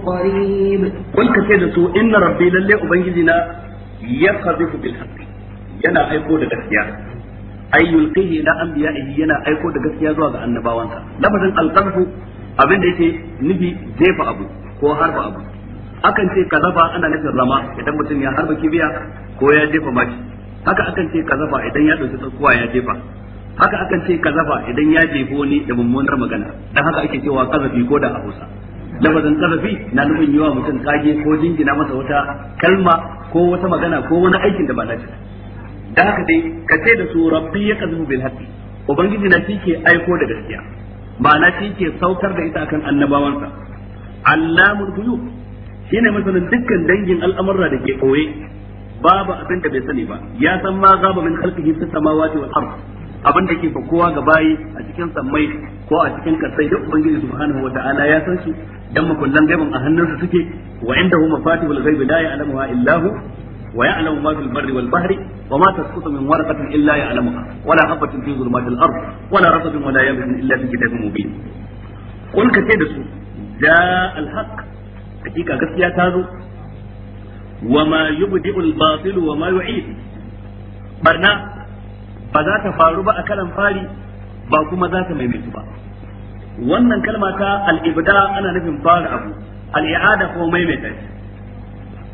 قريب قل كثير إن ربي للي أبنجدنا يقذف بالحق ينا أيقود الأحياء ay yulqihi ila anbiya'ihi yana aiko da gaskiya zuwa ga annabawansa lafazin alqalbu abin da yake nufi jefa abu ko harba abu akan ce kazafa ana nufin rama idan mutum ya harba kibiya ko ya jefa mashi haka akan ce kazafa idan ya dauki tsakuwa ya jefa haka akan ce kazafa idan ya jefa wani da mummunar magana dan haka ake cewa kazafi ko da a Hausa lafazin kazafi na nufin yawa mutum kage ko jingina masa wata kalma ko wata magana ko wani aikin da ba na ba dan haka dai ka ce da su rabbi ya kazu bil haqqi ubangiji na shi ke aiko da gaskiya ma'ana shi ke saukar da ita kan annabawansa allamul ghuyub shine masanin dukkan dangin al'amurra da ke koye babu abin da bai sani ba ya san ma zaba min khalqihi fis samawati wal ard abin da ke fa kowa ga bayi a cikin sammai ko a cikin kasai duk ubangiji subhanahu wata'ala ya san shi dan makullan gaiban a hannunsa suke wa huma fatihul ghaibi la ya'lamuha illahu ويعلم ما في البر والبحر وما تسقط من ورقة إلا يعلمها ولا حبة في ظلمات الأرض ولا رطب ولا يابس إلا في كتاب مبين قل كتير جاء الحق حقيقة قصية تازو وما يبدئ الباطل وما يعيد برنا بذات فاربا أكلم فاري باكما ذات ميميت با wannan kalma ta al-ibda ana nufin fara abu al-i'ada ko maimaita shi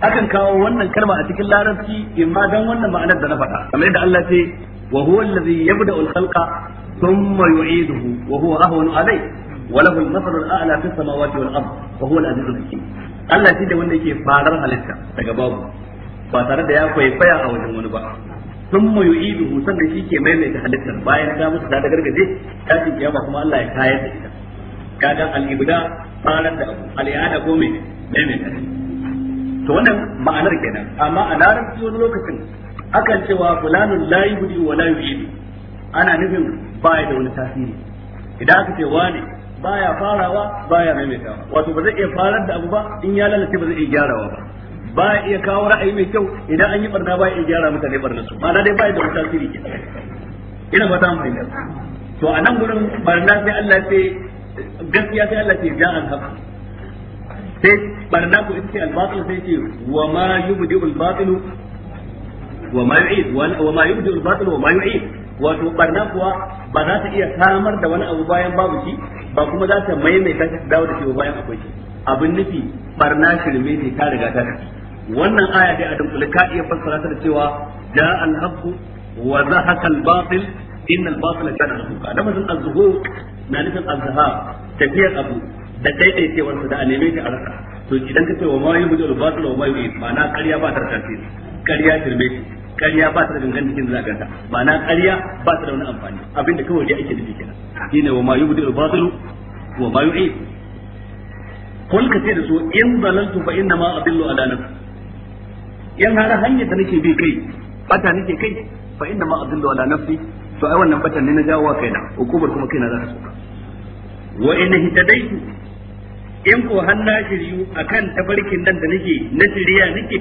akan kawo wannan kalma a cikin larabci in ma dan wannan ma'anar da na faɗa kamar yadda Allah ce wa huwa allazi yabda'u al-khalqa thumma yu'iduhu wa huwa ahwanu alayh wa lahu al-mathalu al-a'la fi samawati wal ard wa huwa al-aziz al-hakim Allah shi da wanda yake farar halitta daga babu ba tare da ya kwaikwaya a wajen wani ba thumma yu'iduhu sannan shi ke maimaita halittar bayan ta mutu ta da gargaje ta ci kiyama kuma Allah ya kayar da ita kaga al-ibda farar da abu al-i'ada ko me maimaita to wannan ma'anar kenan amma a larabci wani lokacin akan cewa fulanun la yubdi wa la yu'idu ana nufin baya da wani tasiri idan aka ce wane baya farawa baya maimaitawa wato ba zai iya farar da abu ba in ya lalace ba zai iya gyarawa ba ya iya kawo ra'ayi mai kyau idan an yi barna ya iya gyara mutane barna su ma'ana dai baya da wani tasiri ke ina ba ta mu to a nan gurin barna sai Allah sai gaskiya sai Allah ce ja'an haka sai barna ku ita ce al-batil sai ce wa ma yubdi al-batil wa ma yu'id wa ma yubdi al-batil wa ma yu'id wato barna kuwa ba za ta iya samar da wani abu bayan babu shi ba kuma za ta maimaita ta dawo da shi bayan akwai shi abin nufi barna shirme ne ta riga ta wannan aya dai a dunkule ka iya fassara ta da cewa ja al haqq wa zahaka al-batil inna al-batila kana al-haqq da mazan az zuhur na nufin az zahar tafiyar abu da daidaitewar su da a neme shi a rasa to idan ka ce wa ma yi mujal ba batil wa ma yi ba na ƙarya ba ta tasiri ƙarya firme shi ƙarya ba ta da gangan cikin zaganta na ƙarya ba ta da wani amfani abinda kawai dai ake nufi kenan shine wa ma yi mujal ba batil wa ma yi kun ka ce da su in zalantu fa inna ma adillu ala nafsi in har hanyar da nake bi kai bata nake kai fa inna ma adillu ala nafsi to ai wannan batan ne na jawo kaina hukumar kuma kaina za ta so wa in hidaitu in ko har na shiryu akan tafarkin nan da nake na shirya nake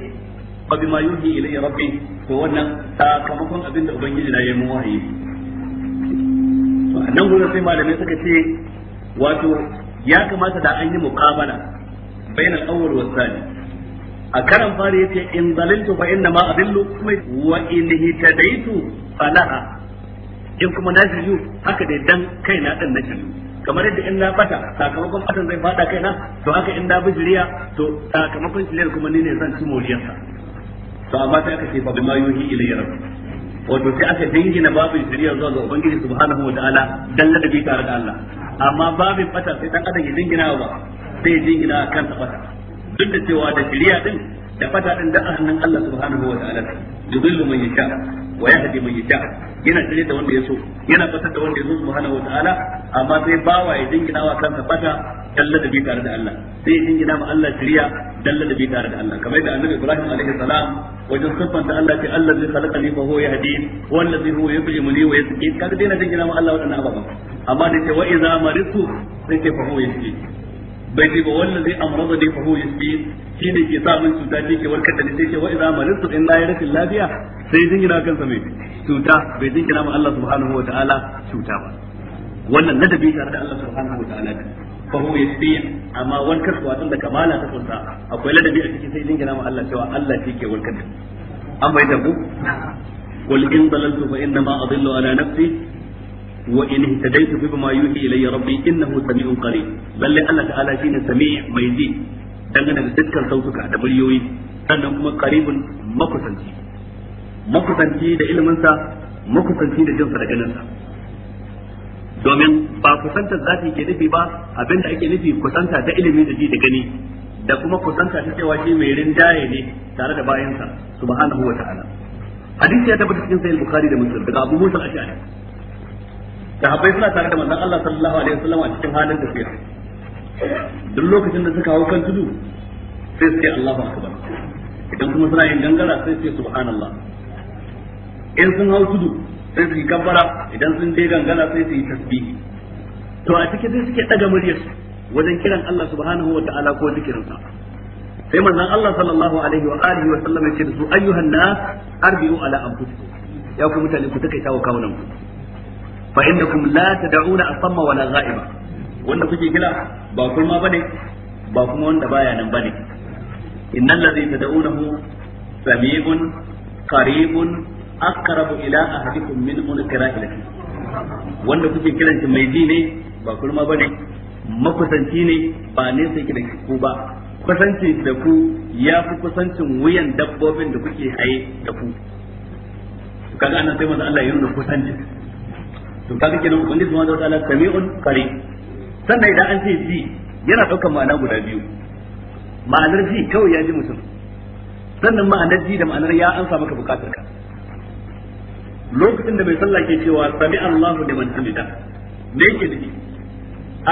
fa bima yuhi ilayya rabbi to wannan sakamakon abin da ubangiji na yi mun wahayi to nan gurin sai malamai suka ce wato ya kamata da an yi muqabala bainal awwal wa thani a karan fara yace in zalaltu fa inna ma adillu wa in hitadaitu falaha in kuma na shiryu haka dai dan kaina din na shiryu kamar yadda in na bata sakamakon batan zai fada kaina to haka in na bijiriya to sakamakon shiriyar kuma ni ne zan ci moriyarsa to amma sai aka ce babu ma yuhi ilayya rabbi wato sai aka dingina babin shiriya zuwa ga ubangiji subhanahu wa ta'ala dan ladabi tare da Allah amma babin bata sai dan adam ya dingina ba sai dingina kansa bata duk da cewa da shiriya din da fata din da hannun Allah subhanahu wa ta'ala yudillu man yasha wa yahdi man yasha yana tsare da wanda ya so yana fatar da wanda ya so subhanahu taala amma sai bawa ya dingina wa kansa fata dalla da bi tare da Allah sai dingina ma Allah shiriya dalla da bi tare da Allah kamar da annabi Ibrahim alaihi salam wajen siffanta Allah ce Allah zai khalaqa li fa huwa yahdi wal ladhi huwa yut'imuni wa yasqi kaga dai na dingina ma Allah wadannan ababan amma da ce wa idza maritu sai ce fa huwa yasqi bai ce ba wannan zai amrada dai fa huwa yasbi shi ne ke sa min cuta ce ke warkar da ni sai ce wa idza maristu in la yarfil lafiya sai jingina kansa mai cuta bai jingina ma Allah subhanahu wa ta'ala cuta ba wannan ladabi tare da Allah subhanahu wa ta'ala fa huwa yasbi amma warkar kuwa tun da kamala ta kunta akwai ladabi a cikin sai jingina ma Allah cewa Allah shi ke warkar da an bai da ku قل إن ضللت فإنما أضل على نفسي wa in hidaytu fi bima yuhi ilayya rabbi innahu sami'un qarib lalle Allah ta'ala shine sami' mai ji dangane da dukkan sautuka da muryoyi sannan kuma karibin makusanci makusanci da ilimin sa makusanci da jinsa da ganin domin ba kusantar zati ke nufi ba abinda ake nufi kusanta da ilimi da ji da gani da kuma kusanta ta cewa shi mai rinjaye ne tare da bayansa subhanahu wa ta'ala hadisi ya tabbata cikin sahih bukhari da muslim daga abu musa al-ash'ari sahabbai suna tare da manzon Allah sallallahu alaihi wasallam a cikin halin tafiya duk lokacin da suka hau kan tudu sai su ce Allahu akbar idan kuma suna yin gangara sai su ce subhanallah in sun hau tudu sai su yi kabbara idan sun je gangara sai su yi tasbihi to a cikin sai suke daga muryar wajen kiran Allah subhanahu wa ta'ala ko zikirinsa sai manzon Allah sallallahu alaihi wa alihi wa sallam ya ce da su ayyuhan nas arbiu ala anfusikum ya ku mutane ku take tawo kawunan ku fa innakum la tad'una asamma wala ghaiba wanda kuke kira ba kurma bane ba kuma wanda baya nan bane innal ladhi tad'unahu sami'un qaribun aqrabu ila ahadikum min munqiratihi wanda kuke kiran mai ji ne ba kurma bane makusanci ne ba ba kusanci da ku ya fi kusancin wuyan dabbobin da kuke haye da ku kaga sai manzo Allah ya nuna kusanci to kaga kenan ubangiji ma zai ta'ala sami'un qarib sannan idan an ce ji yana daukan ma'ana guda biyu ma'anar ji kawai ya ji mutum sannan ma'anar ji da ma'anar ya ansa maka bukatar ka lokacin da mai sallah ke cewa sami Allahu da man hamida me yake nufi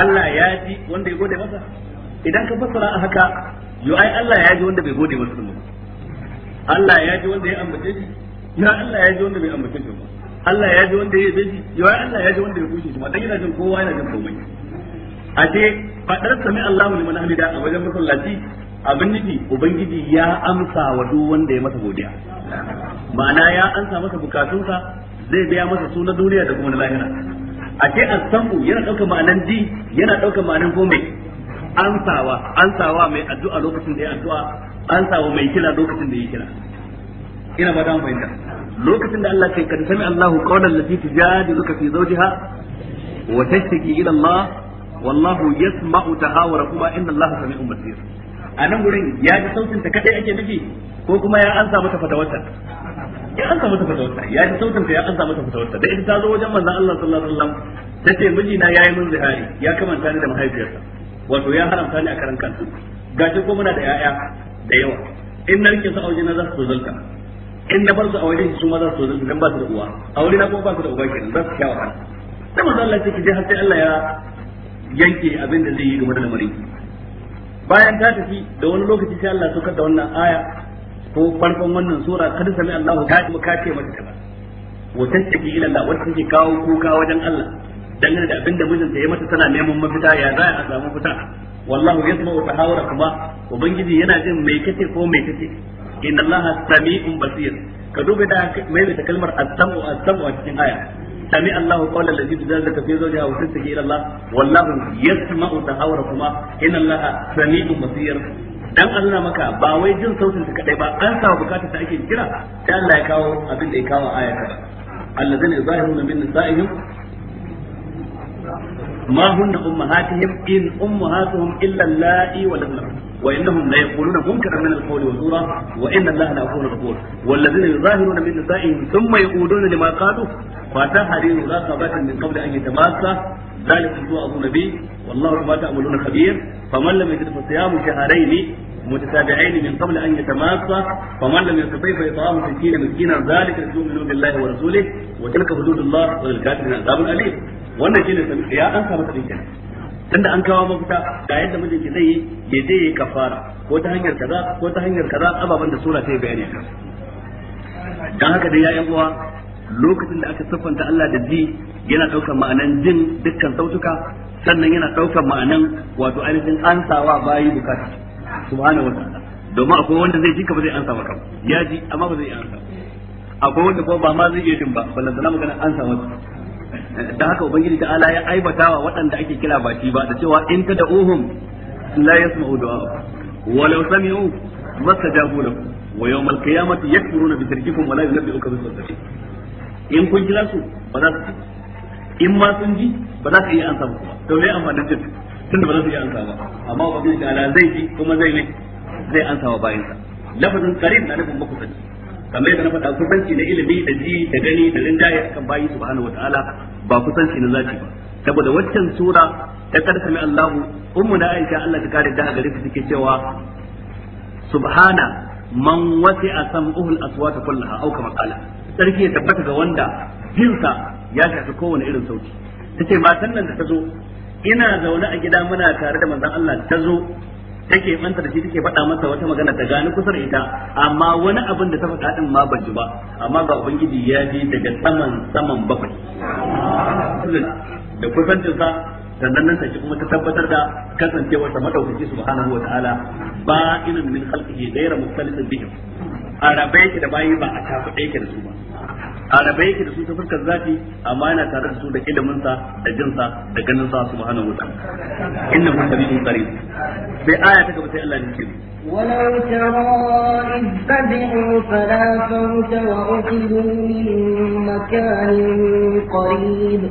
Allah ya ji wanda ya gode masa idan ka fassara a haka yo ai Allah ya ji wanda bai gode masa ba Allah ya ji wanda ya ambace shi na Allah ya ji wanda bai ambace shi ba Allah ya ji wanda ya zai yi yawa Allah ya ji wanda ya kushe shi ma yana jin kowa yana jin komai a ce fadar sami mu liman hamida a wajen masallaci abin nufi ubangiji ya amsa wa duk wanda ya masa godiya ma'ana ya amsa masa bukatunsa zai biya masa su na duniya da kuma na lahira a ce asamu yana ɗaukar ma'anan ji yana ɗaukar ma'anan gome amsawa ansawa mai addu'a lokacin da ya addu'a ansawa mai kira lokacin da ya kira ina ba da fahimta lokacin da Allah kai kad sami Allahu qawlan lati tujadiluka fi zawjiha wa tashtaki ila Allah wallahu yasma'u tahawurakuma inna Allah sami'un basir a nan gurin ya ji sautin ta kadai ake nufi ko kuma ya ansa mata fatawarta ya ansa mata fatawarta ya ji sautin ta ya ansa mata fatawarta da ita ta zo wajen manzon Allah sallallahu alaihi wasallam tace mijina yayi min zihari ya kamanta ni da mahaifiyarsa wato ya haramta ni a karan kansa gaji ko muna da yaya da yawa in narke su na za su zalta in na bar su a wajen su ma za su dan ba su da uwa a wuri na kuma ba su da uba kenan ba su sha wahala sai manzo Allah sai ki je har sai Allah ya yanke abin da zai yi game da lamarin bayan ta tafi da wani lokaci sai Allah saukar da wannan aya ko farkon wannan sura kada sami Allah ta kuma ka ce mata ba wa tasbi ila Allah wata take kawo kuka wajen Allah dangane da abin da mijinta ya mata tana neman mafita ya za a samu fita wallahu yasma'u tahawura kuma ubangiji yana jin mai kace ko mai kace inna allaha sami'un basir ka duba da mai da kalmar as-sam'u as-sam'u a cikin aya sami Allahu qawla allazi tuzallaka fi zawjiha wa tasbihu ila Allah wallahu yasma'u tahawurakuma inna allaha sami'un basir dan Allah maka ba wai jin sautin ka kadai ba an sa bukatar da ake kira sai Allah ya kawo abin da ya kawo aya ka allazina yuzahiruna min nisa'ihim ما هن أمهاتهم إن أمهاتهم إلا اللائي ولدنهم وانهم لا يقولون منكرا من القول وزورا وان الله لعفو غفور والذين يظاهرون من نسائهم ثم يقولون لما قالوا فتحرير رقبة من قبل ان يتماسى ذلك هو ابو نبي والله ما تعملون خبير فمن لم يجد فصيام شهرين متتابعين من قبل ان يتماسى فمن لم يستطع فاطعام ستين مسكينا ذلك تؤمنون بالله ورسوله وتلك حدود الله وللكافرين عذاب اليم wannan shine ya an samu kadi kenan tunda an kawo mafita ga yadda mijinki zai yi ya je yi kafara ko ta hanyar kaza ko ta hanyar kaza ababan da sura ta yi bayani kan dan haka dai yayin uwa lokacin da aka siffanta Allah da ji yana daukar ma'anan jin dukkan sautuka sannan yana daukar ma'anan wato ainihin ansawa bayi bukata subhanahu wataala domin akwai wanda zai ji ka ba zai ansa maka ya ji amma ba zai ansa akwai wanda ko ba ma zai iya jin ba ballan sana magana ansa maka da haka ubangiji ta ala ya aibata wa waɗanda ake kira baki ba da cewa in ta da uhum la yasma'u du'a law sami'u mastajabu lahu wa yawm al qiyamati yakfuruna bi shirkikum wa la yunabbi'uka bi sadaqati in kun kira su ba za su ji in ma sun ji ba za su yi ansa ba to me amfanin jin tunda ba za su yi ansa ba amma ubangiji ta ala zai ji kuma zai ne zai ansa wa bayinsa lafazin karin na nufin makusanci kamar yadda na faɗa kusanci na ilimi da ji da gani da ya akan bayi subhanahu wataala ba kusanci na zati ba saboda waccan sura ta karfami Allahu ummu na Aisha Allah ta kare da gare ta take cewa subhana man wasi'a sam'uhu al-aswata kullaha aw kama qala sarki ya tabbata ga wanda jinsa ya shafi kowane irin sauti tace matan nan da ta zo ina zaune a gida muna tare da manzon Allah ta zo take manta da shi take faɗa masa wata magana ta gani kusar ita amma wani abin da ta faɗa din ma ban ji ba amma ga ubangiji ya ji daga saman saman bakwai da sa sannan nan take kuma ta tabbatar da kasancewar ta madaukaki subhanahu wataala ba inna min khalqihi ghayra mukhtalifin bihim arabai ki da bayi ba a tafi ɗaya da su ba arabai yake da su ta fuskar zafi, amma yana tare da su da ilimin sa da jin sa da ganin sa subhanahu wa ta'ala inna hu samiun qareeb sai aya ta gaba sai Allah ya ce ولو ترى إذ فزعوا فلا فوت وأخذوا من مكان قريب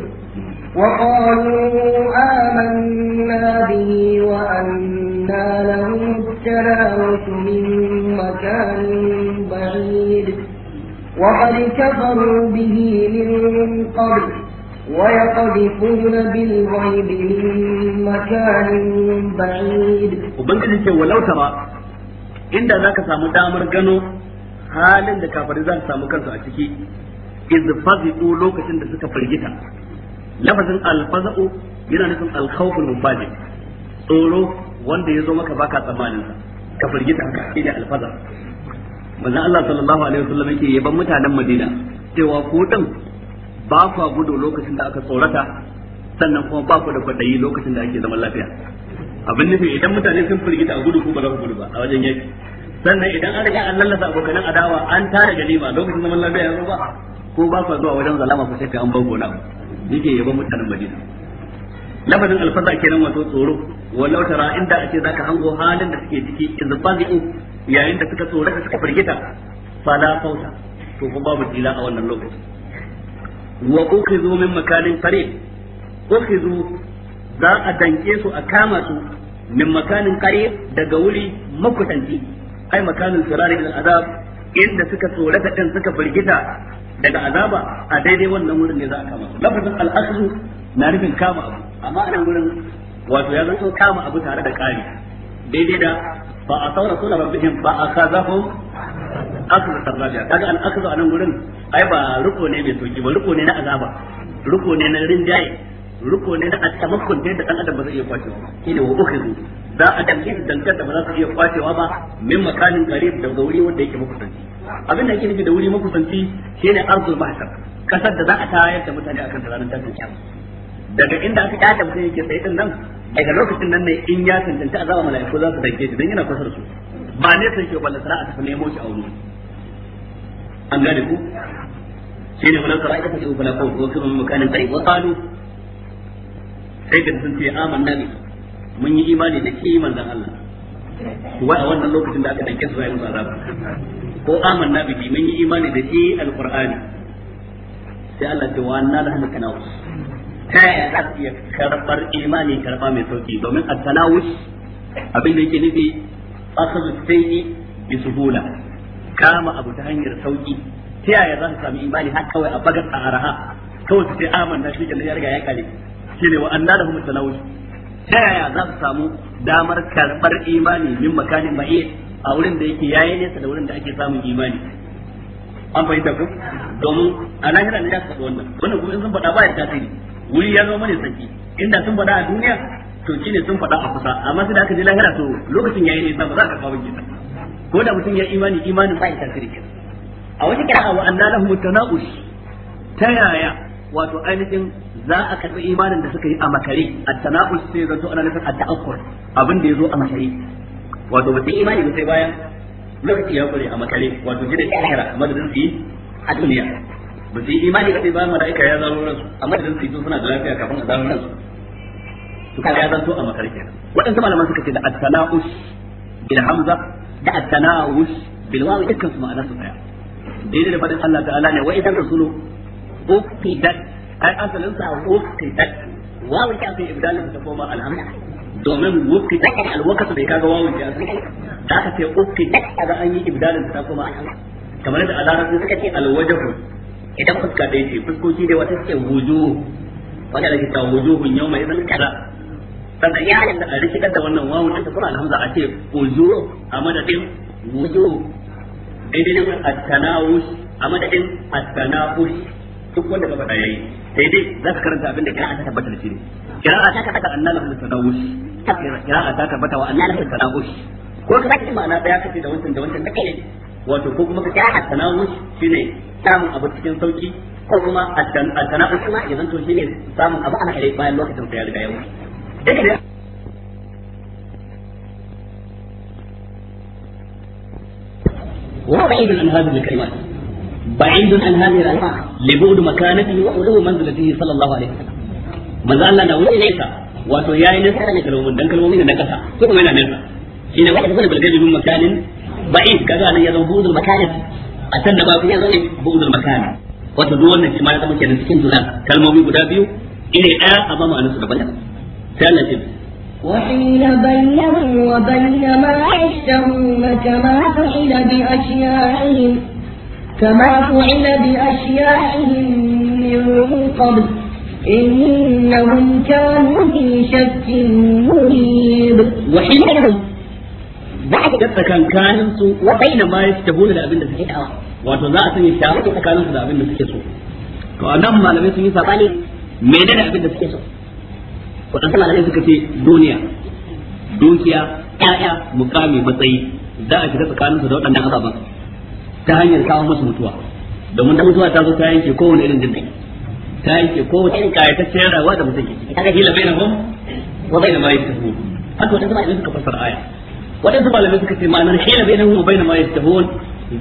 وقالوا آمنا به وأنا لهم التلاوة من مكان بعيد وقد كفروا به من قبل ويقذفون بالغيب من مكان بعيد وبنجد ولو ترى إن ذاك سامو دامر جنو halin da kafirai za su samu kansu a ciki iz fazi'u لفظ da yana nufin alkhawful mubadi tsoro wanda ya zo maka baka tsammanin ka firgita ka ila alfazar manzon Allah sallallahu alaihi wasallam yake yaban mutanen Madina cewa ko din ba ku gudu lokacin da aka tsorata sannan kuma ba ku da kwadayi lokacin da ake zaman lafiya abin nufi idan mutane sun firgita a gudu ku ba za ku gudu ba a wajen yaki sannan idan an riga an lallasa abokanan adawa an tara ganima lokacin zaman lafiya ya ba ko ba ku zuwa wajen zalama ku sai an bar gona yake yaban mutanen Madina lafazin alfaza kenan wato tsoro wallau tara inda ake zaka hango halin da suke ciki in. yayin da suka tsoraka suka firgita fala fauta to kuma babu jila a wannan lokaci wa ukhizu min makanin qarib ukhizu za a danke su a kama su min makanin qarib daga wuri makutanci ai makanin sirari bil azab inda suka tsoraka din suka firgita daga azaba a daidai wannan wurin ne za a kama su lafazin al na nufin kama abu amma anan wurin wato ya zanto kama abu tare da kari daidai da fa asaw rasul rabbihim fa akhadhahum akhdhu sarraja kaga an akhdhu anan gurin ai ba ruko ne mai soki ba ruko ne na azaba ruko ne na rinjaye ruko ne na atamakon da dan adam ba zai iya kwacewa shine wa ukhidhu za a danke su dangar da ba za su iya kwacewa ba min makanin qarib daga wuri wanda yake makusanci abin da yake nufi da wuri makusanci shine arzul mahshar kasar da za a tayar da mutane akan ranar tashin kiyama daga inda aka kyata mutum yake tsaye din nan daga lokacin nan ne in ya tantance azaba mala'iku za su danke shi dan yana kusa da su ba ne san shi wallahi sara a tafi nemo shi a wuri an gane ku shine wannan sara ita ce ubala ko ko kuma makanin sai wa qalu sai kan sun ce amanna bi mun yi imani da ke manzon Allah wa a wannan lokacin da aka danke su yayin azaba ko amanna bi mun yi imani da ke alqur'ani sai Allah ce wa anna lahum kanawus ta yaya za su iya karɓar imani karɓa mai sauki domin a tanawus abin da yake nufi akhadhu sayyi bi suhula kama abu ta hanyar sauki ta yaya za su sami imani har kawai a bagar a araha kawai su ce amanna shi kenan ya riga ya kare shine wa kuma tanawus ta yaya za su samu damar karɓar imani min makanin ba'id a wurin da yake yayi nesa da wurin da ake samun imani an fahimta ku domin a lahira ne ya faɗi wannan wannan kuma in sun faɗa ba ya tasiri wuri ya zama ne tsaki inda sun faɗa a duniya to shine sun faɗa a kusa amma sai da aka je lahira to lokacin yayi ne ba za ka kawo gida ko da mutum ya imani imanin ba ya kirki a wata kira wa anna lahum tanaush ta yaya wato ainihin za a karɓi imanin da suka yi a makare a tanaush sai zanto ana nufin at-ta'akkur abin da yazo a makare wato mutum imani sai bayan lokaci ya kure a makare wato gidan lahira madadin su yi a duniya ba su yi imani ba sai bayan mala'ika ya zaro ransu amma idan su yi suna da lafiya kafin a zaro ransu su kaga ya zanto a makarke waɗansu malaman suka ce da at-tana'us bil hamza da at-tana'us bil wawu dukkan su ma'ana su daya daidai da fadin Allah ta'ala ne wa idan rasulu uqidat ai asalin sa uqidat wawu ke akan ibdalin ta koma alhamdu domin da al-waqt bai kaga wawu ke asalin da aka ce uqidat kaga an yi ibdalin ta koma alhamdu kamar da a larabci suka ce al idan fuska ɗaya ce fuskoki dai wata suke wuju. wanda ake wuju hun yau mai zanka da sanda ya yi da rikidar da wannan wawo ɗinta kuma alhamza a ce wuju. a madadin wujuhu daidai nan at-tanawush a madadin a tanawus duk wanda ka faɗa yayi sai dai za ka karanta abin da kira ta tabbata da shi ne kira ta ka saka annal hamza tanawush kira ta tabbata wa annala da tanawus ko ka saki ma'ana daya kace da wancan da wancan da kai wato ko kuma ka kira at-tanawush shine samun abu cikin sauki ko kuma at-tanawush ma ya zanto shine samun abu ana kare bayan lokacin sa ya riga ya wuce duka dai عن هذه الكلمات بعيد عن هذه الألفاظ لبعد مكانته وعلو منزلته صلى الله عليه وسلم manzo Allah na wuri nesa wato yayi nasara ne kalmomin dan kalmomin da na kasa ko kuma yana nesa shine wa kadhalika ba'in kaga anan ya zama buzul makani a san da babu ya zama buzul makani wato duk wannan shi ma zama kenan cikin dulan kalmomi guda biyu ina daya amma ma'anarsu daban daban sai Allah ya وحيل بينهم وبين ما يشتهون كما فعل بأشياعهم كما فعل بأشياعهم من قبل إنهم كانوا في شك مريب وحينهم za a shiga tsakankanin su wa baina ma yastahuna da abin da suke da'awa wato za a sanya shawara tsakanin su da abin da suke so to anan malamai sun yi sabani me da abin da suke so wadansu malamai suka ce duniya dukiya ƴaƴa mukami matsayi za a shiga tsakanin su da waɗannan ababen ta hanyar kawo musu mutuwa domin da mutuwa ta zo ta yanke kowane irin jinda ta yanke kowace irin kayatacciyar rayuwa da mutum ke ciki kaga hila bainahum wa bainama yastahun haka wadansu malamai suka fassara aya waɗansu malamai suka ce ma'anar hila bai nan bai na ma yadda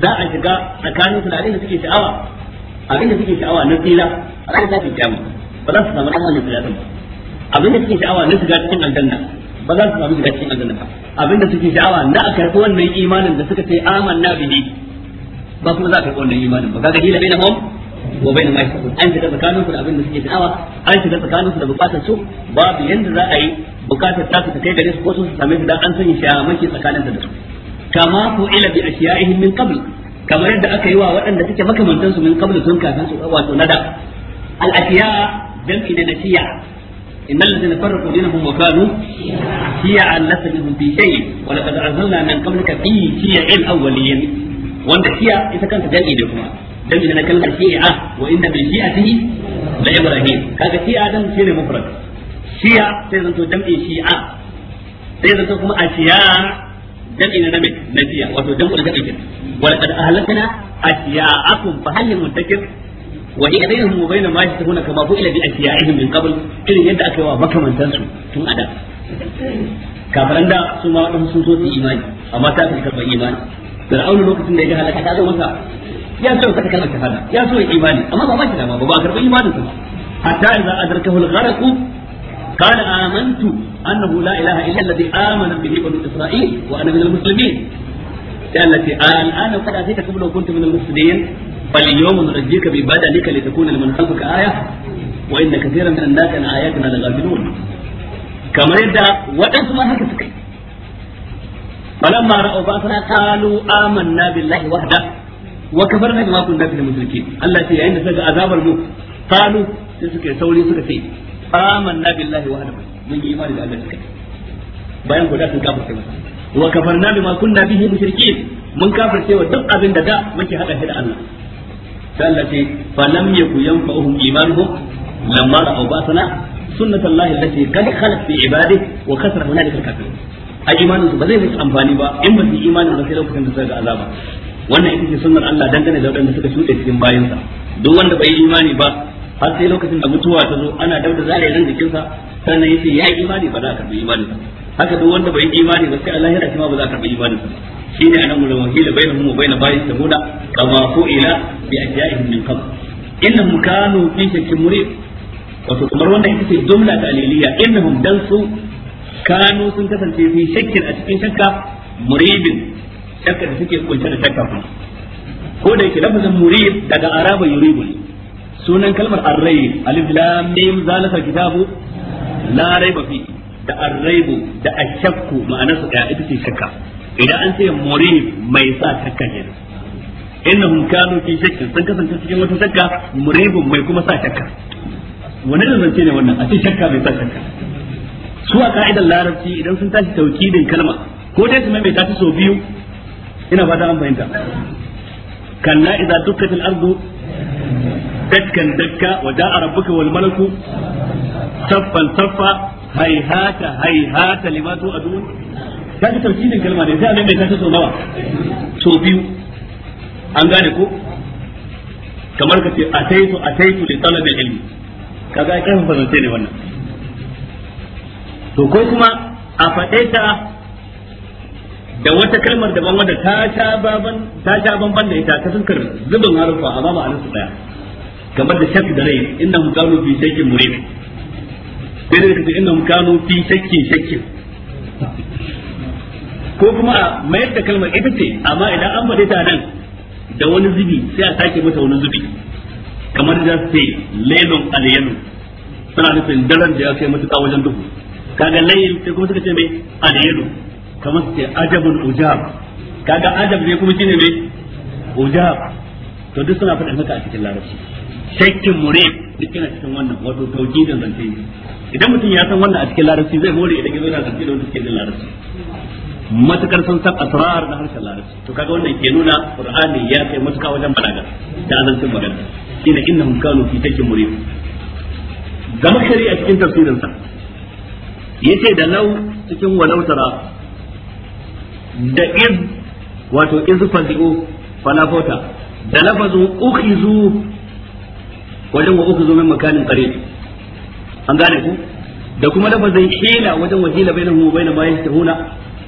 za a shiga tsakanin su da abin suke sha'awa abin suke sha'awa na tsira a ranar zafin kyamu ba za su samu ɗan wannan tsiratin ba abin da suke sha'awa na shiga cikin aljanna ba za su samu shiga cikin aljanna ba abin suke sha'awa na a karɓi wannan imanin da suka ce na bihi ba kuma za a karɓi wannan imanin ba kaga hila bai na wa bai na mai an shiga tsakanin su da abin da suke sha'awa an shiga tsakanin su da bukatar su babu yanda za a yi bukatar ta ta kai gare su ko su same su dan an sanya shamaki tsakanin da su kama ku ila bi ashiyaihim min qabl kamar yadda aka yi wa waɗanda suke makamantansu min qabl sun kafin su wato nada al ashiya jam'i da nasiya إن الذين فرقوا دينهم وكانوا شيعا لست منهم في شيء ولقد أرسلنا من قبلك في شيع الأولين وأنت شيع إذا كانت جمعي بكما جمعي لنا كلمة شيعة وإن من شيعته لإبراهيم هذا shi ne مفرد shiya sai zanto jam'in shi'a sai zanto kuma a shiya jam'i na nabi na shiya wato jam'u da jam'i wal qad ahlakna akum fa hal muntakir wa hiya bainahum wa bain ma yashtahuna kama fu'ila bi ashiya'ihim min qabl irin yadda aka yi wa makamantan su tun ada kafaran da su ma wadansu sun so su imani amma ta fi karban imani fir'auna lokacin da ya ga halaka ta zo masa ya so ka kalmar shahada ya so imani amma ba ba shi da ba ba karban imani sa hatta idza adrakahu al-gharq قال آمنت أنه لا إله إلا الذي آمن به بني إسرائيل وأنا من المسلمين التي الآن قد أتيتك قبل وكنت من المفسدين فاليوم نرجيك ببدنك لتكون لمن خلفك آية وإن كثيرا من الناس عن آياتنا لغافلون كما يدعى وأنتم ما هكذا فلما رأوا بأسنا قالوا آمنا بالله وحده وكفرنا بما كنا به المشركين التي عند سجى عذاب الموت قالوا سكي سولي سكي amanna billahi wa ana mun yi imani da Allah shi kadai bayan guda sun kafa sai masa wa kafarna bima kunna bihi mushrikin mun kafa sai wa duk abin da da muke hada shi da Allah sai Allah ce fa lam yaku yanfa'uhum imanuhum lamma ra'u ba'sana sunnatullahi allati qad khalat fi ibadihi wa khasara hunalika al-kafirun a imaninsu ba zai musu amfani ba in ba su yi imanin ba sai lokacin da suka ga azaba wannan ita ce sunnar Allah dangane da waɗanda suka shuɗe cikin bayansa duk wanda bai yi imani ba har sai lokacin da mutuwa ta zo ana dab da zare ran jikinsa sannan yace ya yi imani ba za a karbi imani haka duk wanda bai yi imani ba sai Allah ya rahima ba za a karbi imani shine anan gurin wahila bainahum wa bain bayi samuda kama ko ila bi ajaihim min qabl innahum kanu fi shakkin murid wato kamar wanda ita ce jumla ta aliliya innahum dan su kanu sun kasance fi shakkin a cikin shakka muribin shakka da suke kunshe da shakka ko da yake lafazin murib daga araba yuribu ne sunan kalmar ar-rayb alif lam mim zalika kitabu la rayba fi da ar da ashakku ma'anar su da ita ce shakka idan an ce murib mai sa shakka ne innahum kanu fi shakkin sun kasance cikin wata shakka muribun mai kuma sa shakka wani da zance ne wannan a ce shakka mai sa shakka su a ka'idar larabci idan sun tashi taukidin kalma ko dai su mai ta so biyu ina fata an fahimta kanna idza dukkatil ardu dakkan dakka wa da'a rabbuka wal malaku saffan saffa hayhata hayhata lima adun kaji tafsirin kalma ne sai a mai kasa sau nawa so biyu an gane ko kamar ka ce ataitu ataitu li talabi ilmi kaga ai kan fazance ne wannan to ko kuma a faɗe ta da wata kalmar daban wanda ta sha baban ta sha banban da ita ta fuskar zubin harufa amma ma'anar su daya kamar da shakki da rai mu kanu fi shakkin murid sai da kace mu kanu fi shakki shakki ko kuma a mayar da kalmar ita ce amma idan an bade ta nan da wani zubi sai a sake mata wani zubi kamar da su ce laylun alyanu suna nufin daren da ya kai matuƙa wajen duhu kaga layin sai kuma suka ce mai alyanu kamar su ce ajabun ujab kaga ajab ne kuma shine mai ujab to duk suna faɗin haka a cikin larabci shakkin mure. duk yana cikin wannan wato da zance idan mutum ya san wannan a cikin larabci zai more idan ya zo da zance da wanda suke jin larabci matukar sun san asrar na harshen larabci to kaga wannan ke nuna qur'ani ya kai matuka wajen balaga da azancin magana inna hum kanu fi shakkin murib zamakhari a cikin tafsirin sa yace da lau cikin walau tara da iz wato iz fadi'u fala fota da lafazu ukhizu wajen wa uku zo min makanin kare an gane ku da kuma da bazai hila wajen wahila bainahum wa bainama huna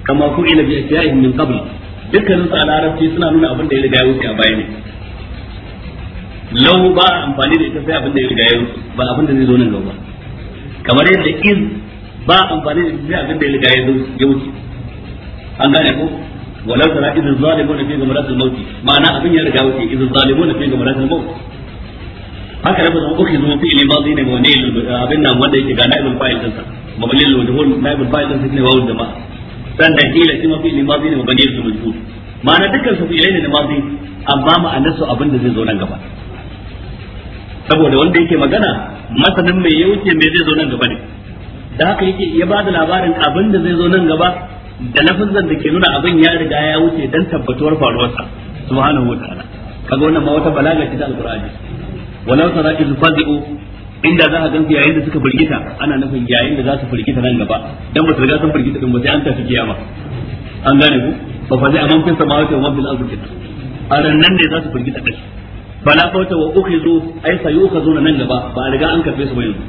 kama ku ila bi asyaihim min qabl dukkanin su a larabci suna nuna abin da ya riga ya wuce a baya ne lau ba amfani da ita sai abin da ya riga ya wuce ba abin da zai zo nan gaba kamar yadda iz ba amfani da ita sai abin da ya riga ya wuce an gane ku walau tara idin zalimun fi gamaratul mauti ma'ana abin ya riga wuce idin zalimun fi gamaratul mauti haka na fasa uku zuwa fi'ili ba zai ne wani abin nan wanda yake ga na'ibul fa'il din sa mabalil wajhul na'ibul fa'il din sa ne wawu da ma sannan ila shi ma fi'ili ba zai ne mabalil su majhul ma'ana dukkan su fi'ilai ne na mazi amma ma'anar su abin da zai zo nan gaba saboda wanda yake magana masanin mai ya wuce mai zai zo nan gaba ne da haka yake ya ba da labarin abin da zai zo nan gaba da lafazan da ke nuna abin ya riga ya wuce dan tabbatuwar faruwarsa subhanahu wa ta'ala kaga wannan ma wata balaga ce ta alqur'ani walau tara iz fazi'u inda za a gansu yayin da suka firgita ana nufin yayin da za su firgita nan gaba dan ba su riga sun firgita din ba sai an tafi kiyama an gane ku fa fa a amman fi samawati wa bil ardi a nan ne za su firgita kai bala fauta wa ukhizu sai sayukhazuna nan gaba ba a riga an karbe su ba yanzu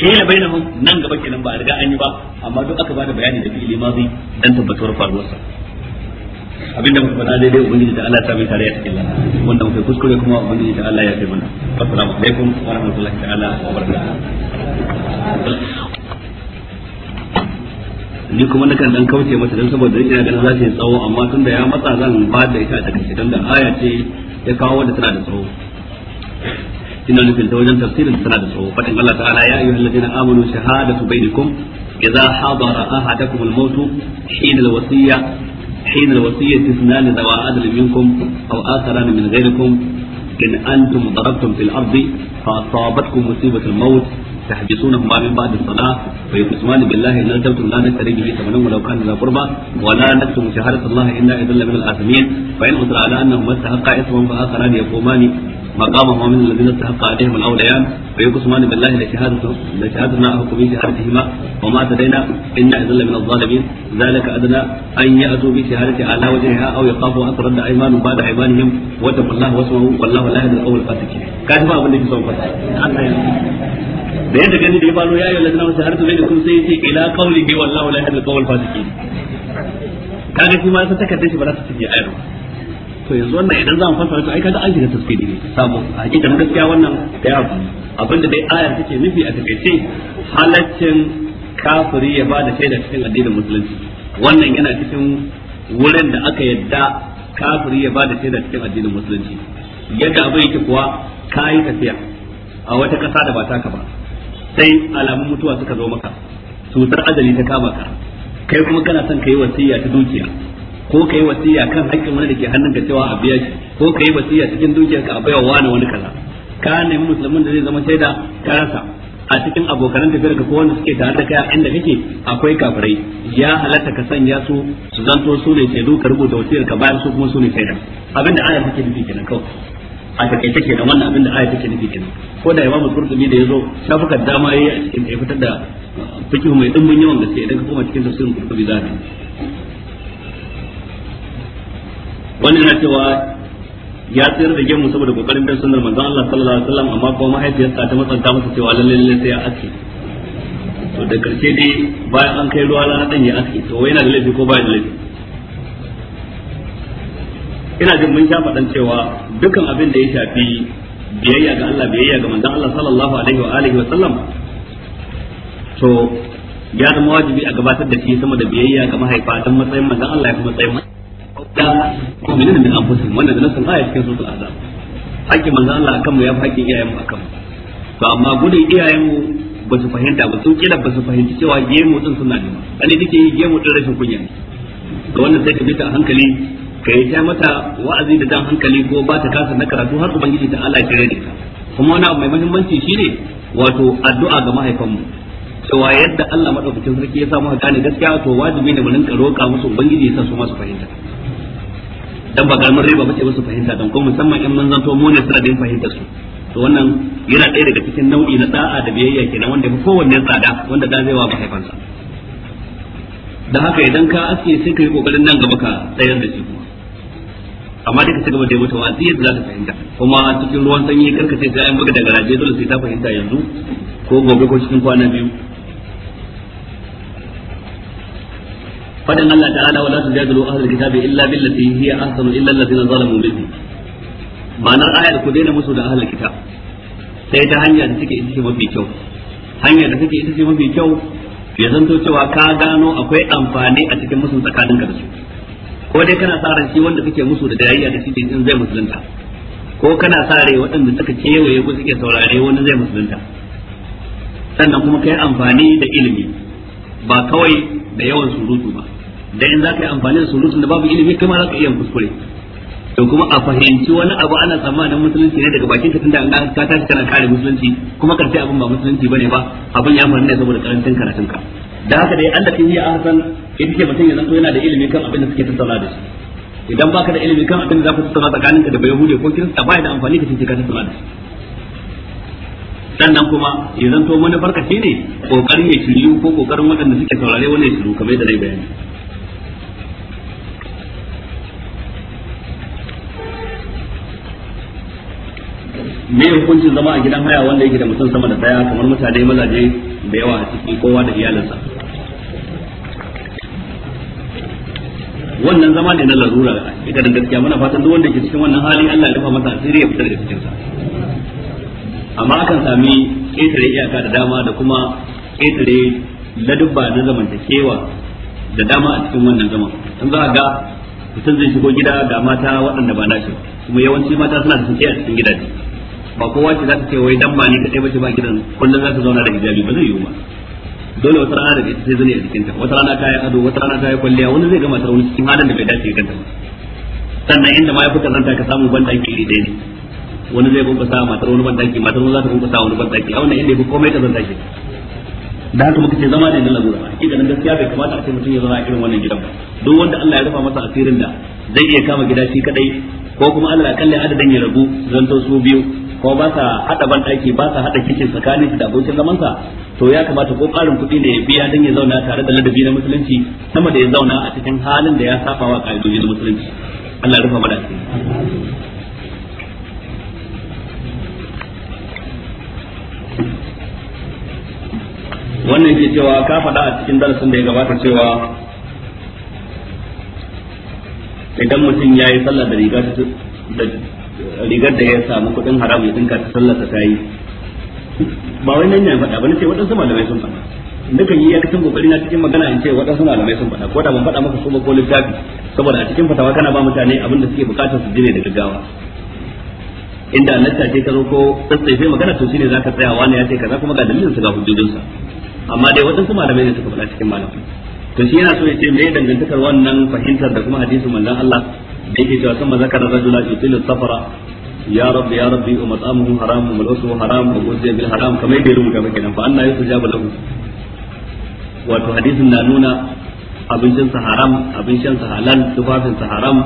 hila bainahum nan gaba kenan ba a riga an yi ba amma duk aka bada bayani da ma mazi dan faruwar sa. abinda muka faɗa daidai ubangiji da Allah ta sami tare a cikin lana wanda muka kuskure kuma ubangiji da Allah ya kai mana assalamu alaikum wa rahmatullahi ta'ala wa barakatuh ni kuma nakan dan kauce mata dan saboda ina ganin za ta yi tsawo amma tun da ya matsa zan ba da ita a takaice dan da aya ce ya kawo wanda tana da tsawo ina nufin ta wajen tafsirin tana da tsawo fadin Allah ta'ala ya ayyuhal ladina amanu shahadatu bainakum idza hadara ahadakum al-maut hina al-wasiyya حين الوصية اثنان ذوى عدل منكم أو آخران من غيركم إن أنتم ضربتم في الأرض فأصابتكم مصيبة الموت تحبسونهما من بعد الصلاة فيقسمان بالله إن أجبتم لا نشتري به ثمنا ولو كان ذا قربى ولا نكتم شهادة الله إلا إذا من الآثمين فإن أدرى على أنهما استحقا إثما فآخران يقومان مقامه من الذين استحق عليهم الاوليان ويقسمان بالله لشهادته لشهادتنا احق بشهادتهما وما اعتدينا انا اذل من الظالمين ذلك ادنى ان ياتوا بشهادة على وجهها او يخافوا ان ترد ايمان بعد ايمانهم واتقوا الله واسمعوا والله لا يهدي القول الفاسقين كاتب ابو النبي صلى الله عليه وسلم da yadda gani da ya bano ya yi lalazina wasu har zai da kun sai yace ila qawli bi wallahu la yahdil qawl fasiqin kaga shi ma sai takardar shi ba za ta cike ayar ba to yanzu wannan idan za mu fasara to ai kaga an shiga tafsiri ne sabo a hakikanin gaskiya wannan da ya abin da dai ayar take nufi a takaice halaccin kafiri ya ba da shaida cikin addinin musulunci wannan yana cikin wurin da aka yadda kafiri ya ba da shaida cikin addinin musulunci yadda abin yake kuwa kayi tafiya a wata ƙasa da ba taka ba sai alamun mutuwa suka zo maka cutar ajali ta kama ka kai kuma kana son ka yi wasiya ta dukiya ko kai wasiya kan haƙƙin wani da ke hannun ka cewa a biya shi ko kai wasiya cikin dukiyarka a wa wani wani kaza ka nemi musulmin da zai zama shaida ka rasa a cikin abokanan tafiyar ka ko wanda suke tare da kai inda kake akwai kafirai ya halatta ka sanya su su zanto su ne shaidu ka rubuta wasiyar ka bayar su kuma su ne shaida abinda ayar take nufi kenan kawai a take da wannan abinda ayar take nufi kenan ko da imamu qurtubi da yazo shafukan dama yayi a cikin fitar da fikihu mai dimbin yawan gaske idan ka koma cikin tafsirin qurtubi zaka wani yana cewa ya tsayar da gemu saboda kokarin bin sunnar manzon Allah sallallahu alaihi wasallam amma kuma mahaifiyarsa ta matsanta masa cewa lalle lalle sai ya aske to da karshe dai bayan an kai ruwa na dan ya aske to wai yana da laifi ko baya da laifi ina jin mun sha faɗan cewa dukan abin da ya shafi biyayya ga Allah biyayya ga manzon Allah sallallahu alaihi wa alihi wasallam to ya zama wajibi a gabatar da shi sama da biyayya ga mahaifa dan matsayin manzon Allah ya fi matsayin da mu'minin min anfusihim wannan da nasan aya cikin suratul azab hakkin manzo Allah akan mu ya fi hakkin iyayen mu akan mu to amma gudun iyayen mu ba su fahimta ba sun kila ba su fahimci cewa gemu din suna ne kane nake yi gemu din rashin kunya to wannan sai ka bi ta hankali ka yi ta mata wa'azi da dan hankali ko ba ta kasa na karatu har ubangiji ta Allah ya rede ka kuma wani abu mai muhimmanci shine wato addu'a ga mahaifanmu cewa yadda Allah madaukakin sarki ya samu gane gaskiya to wajibi ne mu rinka roƙa musu ubangiji ya sa su masu fahimta dan ba kalmar riba bace su fahimta dan ko musamman in mun zanto mu ne sanadin fahimta su to wannan yana ɗaya daga cikin nau'i na da'a da biyayya ke kenan wanda fi kowanne tsada wanda da zai wa haifansa da haka idan ka aske sai kai yi kokarin nan gaba ka tsayar da shi kuma amma duka ta gaba da mata a yadda za ta fahimta kuma cikin ruwan sanyi karkace sai an buga da garaje dole sai ta fahimta yanzu ko gobe ko cikin kwana biyu fadin Allah ta'ala wala تجادلوا أهل الكتاب illa بالتي هي أحسن إلا الذين ظلموا bihi ma'anar ayar ku daina musu da ahlul kitab sai ta hanya da take ita ce mafi kyau hanya da ce mafi kyau ya cewa ka gano akwai amfani a cikin tsakanin ka da ko dai kana sa ran shi wanda kake musu da dayayya da shi din zai musulunta ko kana sa rai waɗanda suka kewaye ko suke saurare wani zai musulunta sannan kuma kai amfani da ilimi ba kawai da yawan surutu ba da in ka yi amfani da surutun da babu ilimi kai ma ka iya kuskure to kuma a fahimci wani abu ana tsammanin musulunci ne daga bakin ka tunda an ka tashi kana kare musulunci kuma karshe abin ba musulunci bane ba abin ya faru ne saboda karancin karatun ka da haka dai Allah kin yi ahsan ita ce mutum ya zanto yana da ilimi kan abin da suke tattauna da shi idan baka da ilimi kan abin da za ka tattauna tsakaninka da bayahude ko kirista ba da amfani ka tunce ka tattauna da shi sannan kuma ya to manufar ka shine kokarin ya shiru ko kokarin waɗanda suke saurare wannan shiru kamar yadda na bayani me hukuncin zama a gidan haya wanda yake da mutum sama da daya kamar mutane mazaje da yawa a ciki kowa da iyalinsa wannan zama ne na larura ita da gaskiya muna fatan duk wanda ke cikin wannan hali Allah ya dafa masa asiri ya fitar da cikin sa amma akan sami ƙetare iyaka da dama da kuma ƙetare ladubba na zamantakewa da dama a cikin wannan zaman in za a ga mutum zai shigo gida ga mata waɗanda ba nashi kuma yawanci mata suna da a cikin gidaje ba kowa ce za ta ce wai dan ba ni kadai ce ba gidan kullun za ta zauna da hijabi ba zai yi ba dole wata rana da ita sai zane a jikinta wata rana ta yi ado wata rana ta yi kwalliya wani zai gama ta wani cikin halin da bai dace kanta sannan inda ma ya fi kazanta ka samu ban daki ne dai ne wani zai bambasa matar wani ban daki matar wani za ta bambasa wani ban daki a wannan inda ya fi komai kazanta ke da haka muka ce zama ne na lalura a hakika nan gaskiya bai kamata a ce mutum ya zama a irin wannan gidan ba duk wanda Allah ya rufa masa asirin da zai iya kama gida shi kadai ko kuma Allah akalla adadin ya ragu zanto su biyu ko ba sa hada ban daki ba sa hada kicin tsakanin da abokin zaman sa to ya kamata ko karin kuɗi ne ya biya dan ya zauna tare da ladabi na musulunci sama da ya zauna a cikin halin da ya saba wa ka'idoji na musulunci Allah rufa mana wannan ke cewa ka faɗa a cikin darasin da ya gabata cewa idan mutum ya yi sallah da riga rigar da ya samu kuɗin haram ya dinka ta sallar ta yi ba wai nan ne faɗa ba sai waɗansu malamai sun faɗa nakan yi yakacin kokari na cikin magana in ce waɗansu malamai sun faɗa ko da ban faɗa maka su ba ko littafi saboda a cikin fatawa kana ba mutane abin da suke bukatar su jire da gaggawa inda annabta ce ka zo ko sai magana to shine zaka tsaya wani ya ce kaza kuma ga dalilin su ga hujjojin sa amma dai waɗansu malamai ne suka faɗa cikin malamai to shi yana so ya ce me dangantakar wannan fahimtar da kuma hadisin manzon Allah da yake cewa sun mazakar rajula yutilu safara ya rabbi ya rabbi wa mat'amuhu haram wa malbasuhu haram wa ghuzziya bil haram kamar yadda ya rubuta maka kenan fa anna yusajabu lahu wato hadisin na nuna abincin sa haram abincin sa halal tufafin sa haram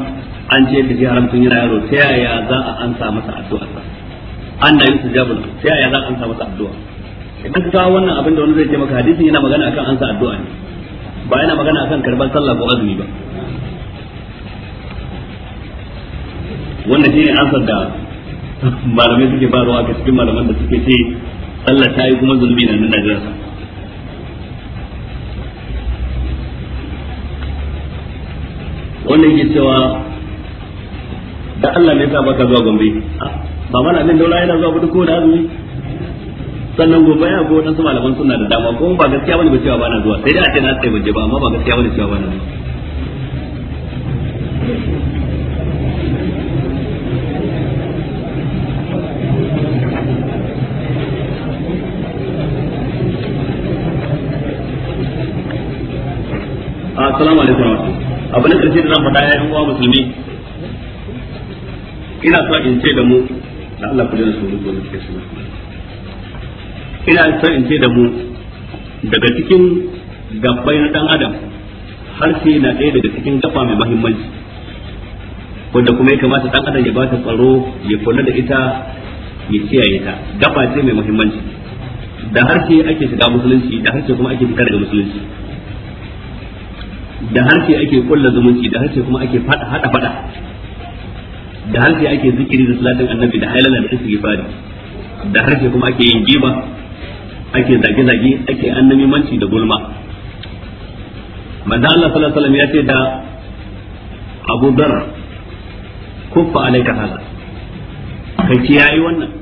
an ce da shi haram tun yana yaro ta yaya za a ansa masa addu'a anna yusajabu lahu ta yaya za a ansa masa addu'a idan ka wannan abin da wani zai ce maka hadisin yana magana akan ansa addu'a ne ba yana magana akan karban sallah ko azumi ba wanda ne ansar da malamai suke ba ruwa ga cikin malaman da suke ce Allah ta yi kuma zunubi na nuna najinsa wannan ke cewa da Allah ne sa baka zuwa Gombe ba mana nan daura yana zuwa ko da azumi sannan gobe ya ko wadansu malaman suna da dama ko ba gaskiya bane ba cewa ba na zuwa sai dai a ce na tsaye ban ba amma ba gaskiya bane cewa ba na zuwa faɗa ya uwa musulmi ina so in ce da mu da Allah ku ke ina so in ce da mu daga cikin gabbai na dan adam har sai na ɗaya daga cikin gaba mai mahimmanci wanda kuma ya kamata dan adam ya ba ta tsaro ya kula da ita ya kiyaye ta gaba ce mai mahimmanci da harshe ake shiga musulunci da harshe kuma ake fita daga musulunci da harshe ake kulla zumunci da harshe kuma ake fada hada fada da harshe ake zikiri da salatin annabi da hailala da fari da harshe kuma ake yin giba ake zage zage ake annabi manci da gulma manzo Allah sallallahu alaihi wasallam ya ce da Abu Dharr kuffa alaika hada kai ki yayi wannan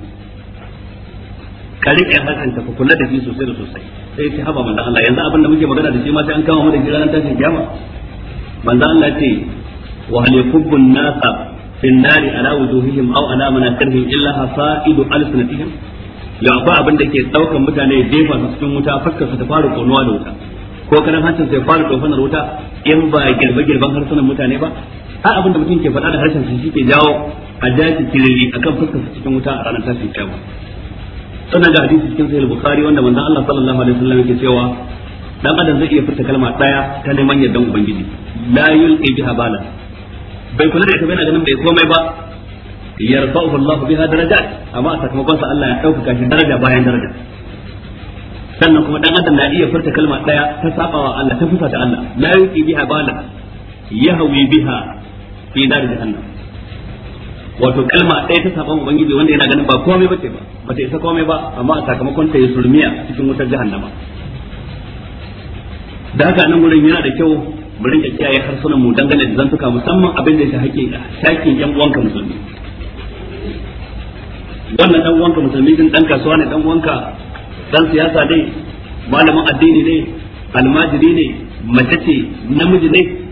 ka rike hakan ka kula da shi sosai da sosai sai ce haba manzo Allah yanzu abin da muke magana da shi ma sai an kama mu da ranar tashin kiyama manzo Allah ce wa hal yakubbun nasa fi an-nar ala wujuhihim aw ala manakarihim illa hasaidu alsinatihim ya akwai abin da ke daukan mutane ya jefa su cikin wuta fuskar su ta fara konuwa da wuta ko karan hancin sai fara tofanar wuta in ba girbe girban harsunan mutane ba har abin da mutum ke faɗa da harshen su shi ke jawo a daji tiriri akan fuskar su cikin wuta a ranar tashin kiyama sannan ga hadisi cikin sahih bukhari wanda manzon Allah sallallahu alaihi wasallam yake cewa dan adam zai iya furta kalma daya ta neman yardan ubangiji la yulqi biha bala bai kula da ita bai na ganin bai komai ba yarfa'uhu Allah biha darajat amma sakamakon sa Allah ya dauka shi daraja bayan daraja sannan kuma dan adam na iya furta kalma daya ta sabawa Allah ta fusa ta Allah la yulqi biha bala yahwi biha fi dar jahannam wato kalma ɗaya ta saban ubangiji wanda yana ganin ba komai bace ba bata isa komai ba amma a sakamakon ta yi surmiya cikin wutar jahannama da haka nan gurin yana da kyau mu rinka kiyaye harsunan mu dangane da zantuka musamman abin da ya da shakin yan uwanka musulmi wannan dan uwanka musulmi din dan kasuwa ne dan uwanka dan siyasa ne malamin addini ne almajiri ne mace ce namiji ne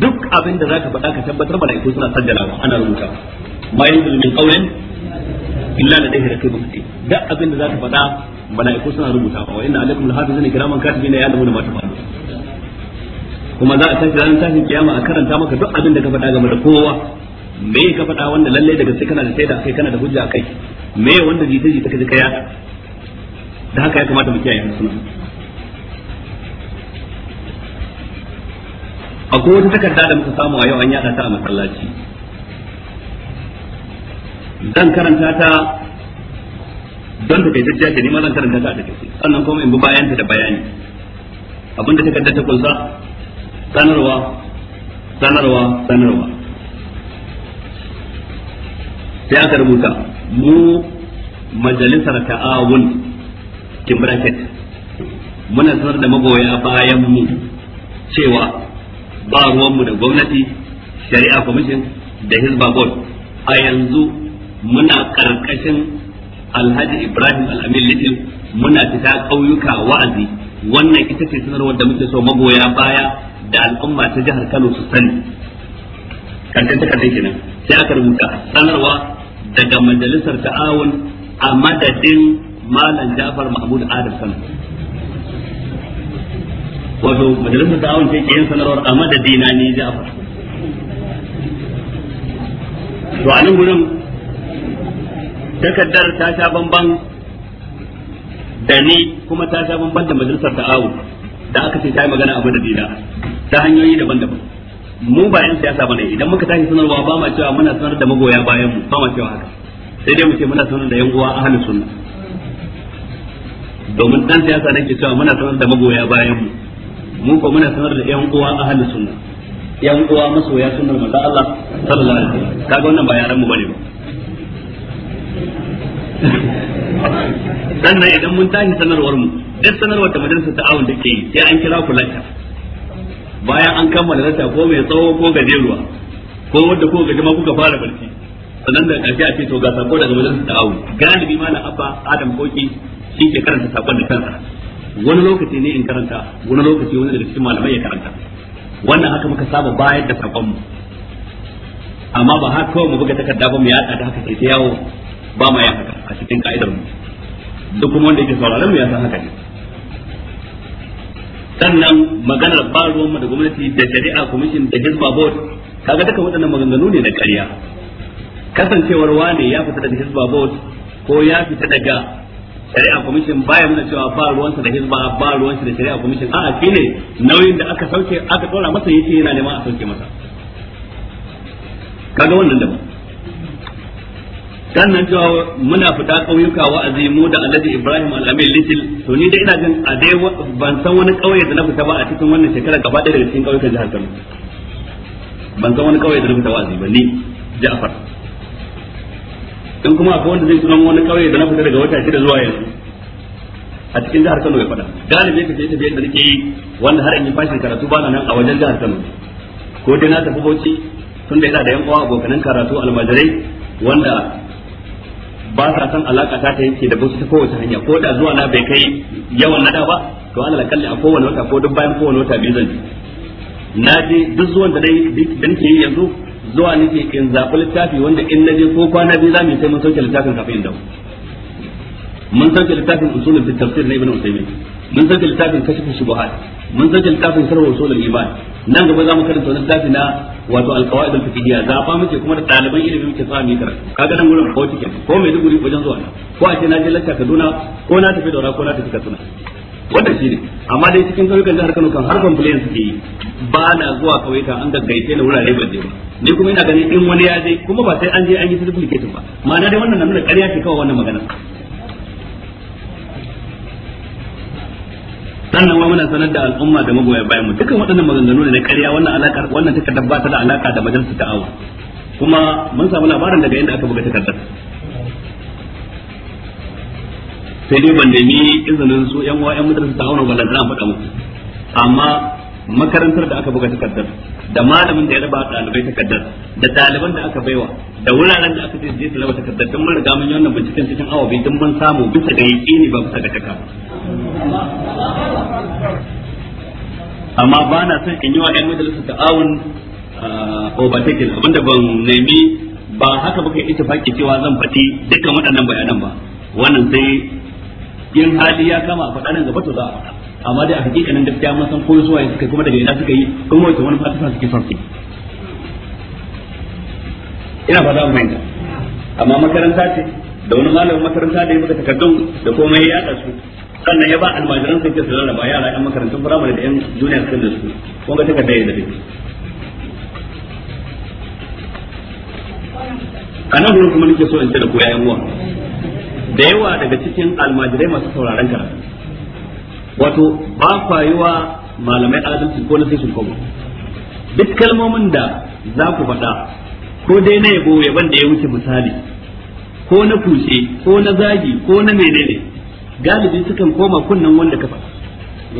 duk abin da zaka faɗa ka tabbatar mala'iku suna ba ana rubuta ma yi zulmin qawlin illa da raqibun mutid duk abin da zaka faɗa mala'iku suna ba wa inna alaikum lahafizina kiraman katibina da ma tafalun kuma za a tashi ranar tashin kiyama a karanta maka duk abin da ka faɗa game da kowa me ka faɗa wanda lalle daga sai kana da sai da kai kana da hujja kai me wanda jita jita ka ji ka da haka ya kamata mu kiyaye sunan akwai wata takarda da muka samu a yau an yada ta a masallaci zan karanta ta don ta kai jajjace ne ma zan karanta ta da kai sannan kuma in bi bayan ta da bayani da takarda ta kunsa sanarwa sanarwa sanarwa sai aka rubuta mu majalisar ta'awun kin bracket muna sanar da magoya bayan mu cewa ba ruwanmu da gwamnati shari'a commission da hizba board a yanzu muna karkashin alhaji ibrahim al'amin litin muna fita ƙauyuka wa'azi wannan ita ce sanarwar da muke so magoya baya da al'umma ta jihar kano su sani kankan kenan sai aka rubuta sanarwa daga majalisar ta'awun a madadin malam jafar mahmud adam kano wato majalisar da'awun sai ke yin sanarwar a madadina ni Ja'far to a nan gurin takardar ta sha bamban da ni kuma ta sha bamban da majalisar da'awun da aka ce ta yi magana a Dina ta hanyoyi daban-daban mu ba yan siyasa bane idan muka tashi sanarwa ba ma cewa muna sanar da magoya bayan mu ba ma cewa haka sai dai mu ce muna sanar da yan uwa ahlus sunna domin dan siyasa nake cewa muna sanar da magoya bayan mu mun ko muna sanar da yan uwa ahlus sunna yan uwa masoya sunnar manzo Allah sallallahu alaihi wasallam kaga wannan ba yaran mu bane ba sannan idan mun tashi sanarwar mu duk sanarwar da ta ta'awun da ke yi sai an kira ku lacca bayan an kammala lacca ko mai tsawo ko gajeruwa ko wanda ko gajima kuka fara barci sannan da ƙarshe a ce to ga sako daga ta ta'awun galibi malam abba adam koki shi ke karanta sakon da kansa wani lokaci ne in karanta wani lokaci wani daga cikin malamai ya karanta wannan haka muka saba bayar da sakon mu amma ba haka kawai mu buga takarda ba mu ya da haka sai ta yawo ba ma ya haka a cikin ka'idar mu duk kuma wanda yake sauraron mu ya san haka ne sannan maganar ba ruwan mu da gwamnati da shari'a commission da hisba board kaga duka waɗannan maganganu ne na ƙarya kasancewar wane ya fita daga hizba board ko ya fita daga shari'a commission baya nuna cewa ba ruwansa da hizba ba ruwansa da shari'a commission a'a shine nauyin da aka sauke aka tsora masa yace yana neman a sauke masa kaga wannan daban sannan cewa muna fita ƙauyuka wa'azi azimu da Alhaji Ibrahim Al-Amin Little to ni da ina jin a dai ban san wani ƙauye da na fita ba a cikin wannan shekara gaba ɗaya daga cikin ƙauyukan jihar Kano ban san wani ƙauye da na fita wa'azi ba ni Ja'far in kuma akwai wanda zai sunan wani kauye da na fita daga wata shida zuwa yanzu a cikin jihar Kano ya faɗa galibi ka ce tafiye da nake yi wanda har in yi fashin karatu ba na nan a wajen jihar Kano ko dai na tafi Bauchi tun da yana da yan uwa abokanan karatu almajirai wanda ba sa san alaka ta ta yake da Bauchi ta kowace hanya ko da zuwa na bai kai yawan nada ba to Allah kalli a kowane wata ko duk bayan kowane wata biyu zan na je duk zuwan dai da nake yi yanzu zuwa nake in zaɓi littafi wanda in na je ko kwana biyu za mu sai mun sauke littafin kafin dawo mun sauke littafin usulun fi tafsir na ibn usaymin mun sauke littafin kashfu shubuhat mun sauke littafin sarwa usulun iman nan gaba za mu karanta wani littafi na wato alqawaid alfiqhiyya zaɓa muke kuma da ɗaliban ilimin muke sa mu karatu kaga nan gurin ko tike ko mai duguri wajen zuwa ko a ce na je lakka Kaduna ko na tafi Daura ko na tafi Katsina wannan ne amma dai cikin kauyukan jihar Kano kan har complain suke yi ba na zuwa kauyuka an gaggaice na wurare ban je ba ni kuma ina ganin in wani ya je kuma ba sai an je an yi certificate ba ma'ana dai wannan na nuna ƙarya ce kawai wannan magana sannan wa muna sanar da al'umma da magoya bayan mu dukkan waɗannan maganganu ne na ƙarya wannan alaka wannan take tabbata da alaka da majalisar ta'awa kuma mun samu labarin daga inda aka buga takardar sai dai ban nemi izinin su yan uwa yan madrasa ta auna ballan zan faɗa muku amma makarantar da aka buga takardar da malamin da ya raba ɗalibai takardar da ɗaliban da aka baiwa da wuraren da aka ce je su raba takardar don mun riga mun yi wannan binciken cikin awa biyu don mun samu bisa ga yaƙini ba bisa ga taka amma ba na son in yi wa yan madrasa ta'awun ah, obatekin abinda ban nemi ba haka kai yi faki cewa zan faɗi dukkan waɗannan bayanan ba wannan sai in hali ya kama a faɗa nan gaba to za a faɗa amma dai a hakikanin gaskiya mun san ko suwa kai kuma daga ina suka yi kuma wace wani fatiha suke son su ina fata mu fahimta amma makaranta ce da wani malamin makaranta da ya buga takardun da komai ya yada su sannan ya ba almajiran sun ke su rarraba yara yan makarantun firamare da yan duniya sun da su kun ga takardar ya dace Kana nan gurin kuma nake so in ce da ku yayin uwa da yawa daga cikin almajirai masu sauraron karatu wato ba wa malamai adalci ko na sun su koma duk kalmomin da za ku faɗa ko dai na yabo ban da ya wuce misali ko na kushe ko na zagi ko na menene galibi sukan koma kunnen wanda ka faɗa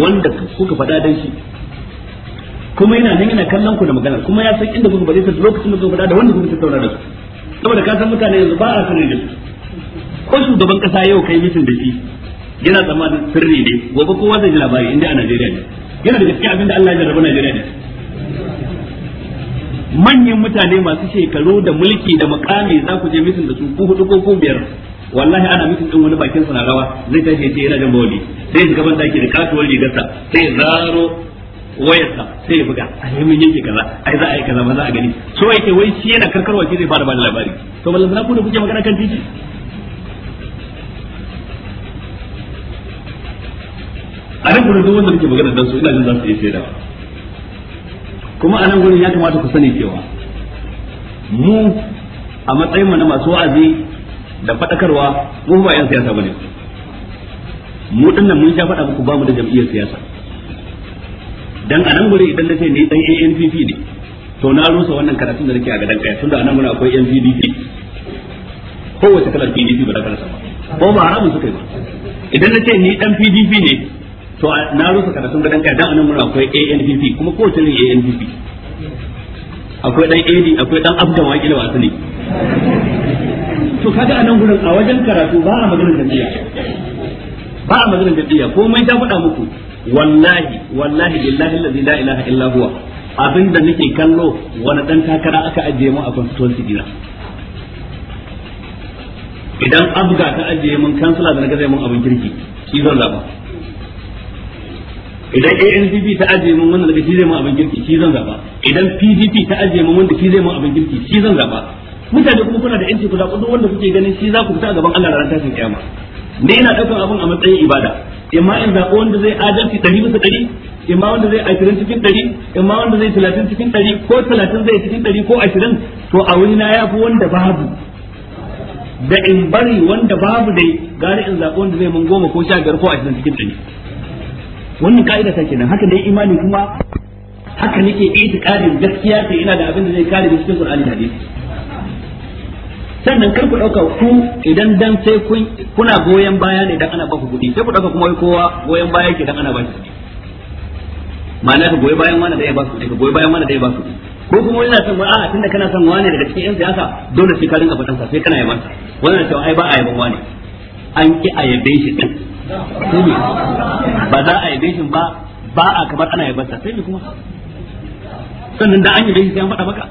wanda kuka faɗa dan shi kuma yana nan yana kallon ku da magana kuma ya san inda kuka faɗe ta lokacin da kuka faɗa da wanda kuka tattauna da su saboda ka san mutane yanzu ba a sanin da su ko shugaban kasa yau kai mitin da shi yana tsammanin sirri ne gobe kowa zai ji labari inda a Najeriya ne yana da gaske abinda Allah ya jarraba Najeriya ne manyan mutane masu shekaru da mulki da makami za ku je mitin da su ku hudu ko ku biyar wallahi ana mitin din wani bakin sa na rawa zai tashi yace yana jan bawli sai shiga ban daki da katuwar rigarsa sai zaro wayarsa sai ya buga a yi mun yanke kaza ai za a yi kaza ba za a gani so yake wai shi yana karkarwa shi zai fara bada labari to ballan ku da kuke magana kan titi a nan gurin duk wanda nake magana dan su ina jin za su yi shaida kuma a nan gurin ya kamata ku sani cewa mu a matsayin mu na masu wa'azi da fadakarwa mu ba yan siyasa bane mu dinnan mun sha fada muku ba mu da jam'iyyar siyasa dan a nan gurin idan nace ni dan ANPP ne to na rusa wannan karatun da nake a gadan kai tunda a nan gurin akwai NPDP kowace kalar PDP ba da kalar sama ko ba haramun suka yi ba idan nace ni dan PDP ne to na rusa karatun gadon kai dan anan mun akwai ANPP kuma ko tun ANPP akwai dan AD akwai dan abdan wa kila wasu ne to kaga anan gurin a wajen karatu ba a maganar jami'a ba a maganar jami'a ko mai ta faɗa muku wallahi wallahi billahi allazi la ilaha illa huwa abinda nake kallo wani dan takara aka ajiye mu a constituency dina idan abga ta ajiye mun kansula da na gaza mun abin kirki shi zan zaba idan ANPP ta ajiye mun wanda daga shi zai mun abin girki shi zan zaba idan PDP ta ajiye mun wanda shi zai mun abin girki shi zan zaba mutane kuma kuna da yanci ku zaɓi duk wanda kuke ganin shi za ku fita a gaban Allah ranar tashin kiyama ne ina ɗaukar abin a matsayin ibada imma in zaɓi wanda zai adalci ɗari bisa ɗari imma wanda zai ashirin cikin ɗari imma wanda zai talatin cikin ɗari ko talatin zai cikin ɗari ko ashirin to a wani na ya fi wanda babu da in bari wanda babu dai gari in zaɓi wanda zai mun goma ko sha biyar ko ashirin cikin ɗari wannan ka'ida ta kenan haka dai imani kuma haka nake itikadin gaskiya sai ina da abin da zai kare ni cikin Qur'ani hadisi sannan kar ku dauka ku idan dan sai kun kuna goyen baya ne dan ana ba ku kuɗi sai ku dauka kuma wai kowa goyen baya yake dan ana ba shi ma'ana ka goyi bayan wani da ya ba su ka goyi bayan wani da ya ba su ko kuma wani na son a'a tunda kana son wani daga cikin yan siyasa dole sai ka rinka faɗan sa sai kana yaba sa wannan cewa ai ba a yaban wani an ki a yabe shi din ba za a yi bishin ba ba a kamar ana yabarsa sai ne kuma sannan da an yi bishin sai an faɗa maka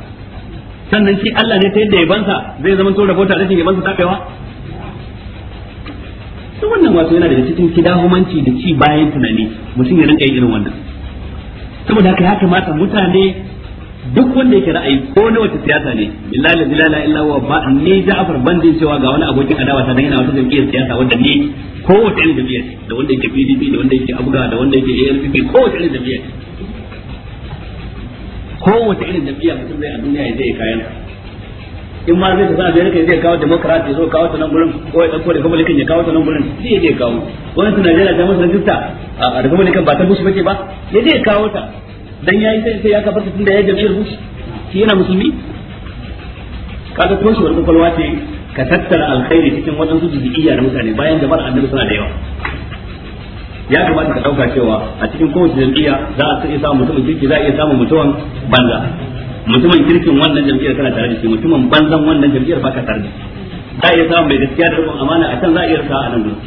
sannan shi Allah ne ta yadda ya bansa zai zama to rabota rashin yabansa ta kaiwa to wannan wato yana daga cikin kidahumanci da ci bayan tunani mutum ya rinka yin irin wannan saboda haka ya kamata mutane duk wanda yake ra'ayi ko na wata siyasa ne billahi la ilaha illa huwa ba ni Ja'far ban din cewa ga wani abokin adawa ta dan yana wata jam'iyyar siyasa wanda ne ko wata irin jam'iyyar da wanda yake PDP da wanda yake Abuga da wanda yake ALPP ko wata irin jam'iyyar ko wata irin jam'iyyar mutum zai a duniya ya je kayan in ma zai tafi America zai kawo Democrat ya kawo ta nan gurin ko ya dauko Republican ya kawo ta nan gurin zai zai kawo wani suna da ta masa rajista a Republican ba ta ba bace ba ya je kawo ta dan yayi sai sai ya tun tunda ya jami'ar rushi shi yana musulmi kaga toshe wannan kwalwa ce ka tattara alkhairi cikin wadansu jibiya na mutane bayan jama'ar annabi suna da yawa ya kamata ka dauka cewa a cikin kowace jam'iyya za a iya samun mutumin kirki za a iya samun mutumin banza mutumin kirkin wannan jam'iyyar kana tare da shi mutumin banzan wannan jam'iyyar baka tare da shi za a iya samun mai gaskiya da rubun amana a can za a iya rasa a nan gudu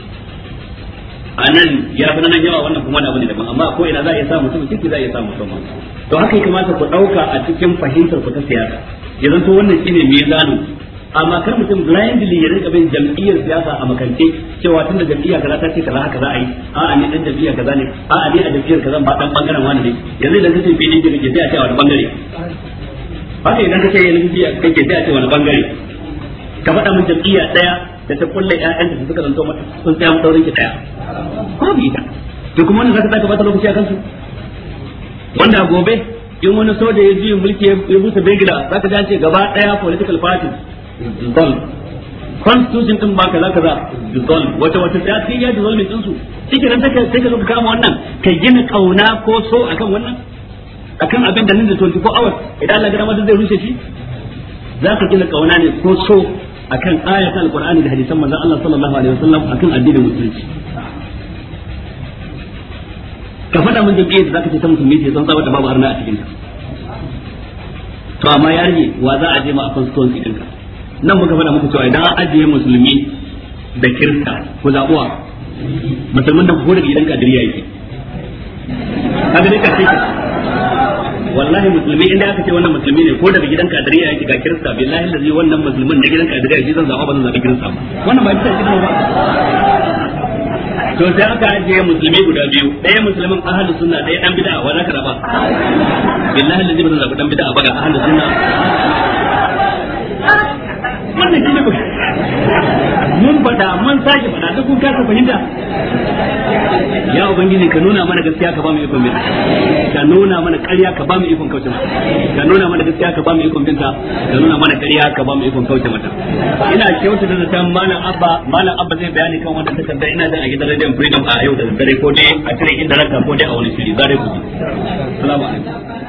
a nan ya fi nan yawa wannan kuma na bane daban amma ko ina za a iya samu mutum ciki za a iya samu ma. to haka ya kamata ku ɗauka a cikin fahimtar ku ta siyasa ya zanto wannan shine mizanin amma kar mutum blindly ya rinka bin jam'iyyar siyasa a makance cewa tun da jam'iyya kaza ta ce kaza haka za a yi a a ni dan jam'iyya kaza ne a a ni a jam'iyyar kaza ba dan bangaren wani ne yanzu idan kace PDP kake kaza a ce wani bangare haka idan kace yanzu kake sai a ce wani bangare ka faɗa mun jam'iyya daya da ta kulle ƴaƴanta da suka zanto mata sun tsaya mutaurin ki daya ko bi ta to kuma wannan zaka taka bata lokaci a kansu wanda gobe in wani soja ya ji mulki ya busa begila zaka ji an ce gaba daya political party dissolve constitution din baka zaka za dissolve wata wata ta sai ya dissolve din su kike nan take take zo ka kama wannan ka gina kauna ko so akan wannan akan abin da nan da 24 hours idan Allah ya gama zai rushe shi zaka gina kauna ne ko so akan ayatan alqur'ani da hadisan manzon Allah sallallahu alaihi wasallam akan addinin musulunci ka fada mun jami'i da zaka ce ta musulmi ce san da babu arna a cikin ka to amma ya rage wa za a je ma a cikin ka nan muka faɗa muku cewa idan an ajiye musulmi da kirista ko zaɓuwa musulmin da ko daga gidan kadiriya yake kaga ne ka ce wallahi musulmi inda aka ce wannan musulmi ne ko daga gidan kadiriya yake ga kirista billahi lazi wannan musulmin da gidan kadiriya shi zan zaba ba zan zabi kirista wannan ba bisa ce ba to sai aka ajiye musulmi guda biyu ɗaya musulmin ahlu sunna ɗaya dan bid'a wa zaka raba billahi lazi ba zan zabi dan bid'a ba ga ahlu sunna wannan shi ne mun faɗa mun sake bada duk kun kasa fahimta ya ubangiji ka nuna mana gaskiya ka ba mu ikon binta ka nuna mana ƙarya ka ba mu ikon kauce mata ka nuna mana gaskiya ka ba mu ikon binta ka nuna mana ƙarya ka ba mu ikon kauce mata ina kyautu da zaton malam abba malam abba zai bayani kan wannan takardar ina da a gidan radio freedom a yau da dare ko dai a cikin inda ranka ko dai a wani shiri zare ku salamu alaikum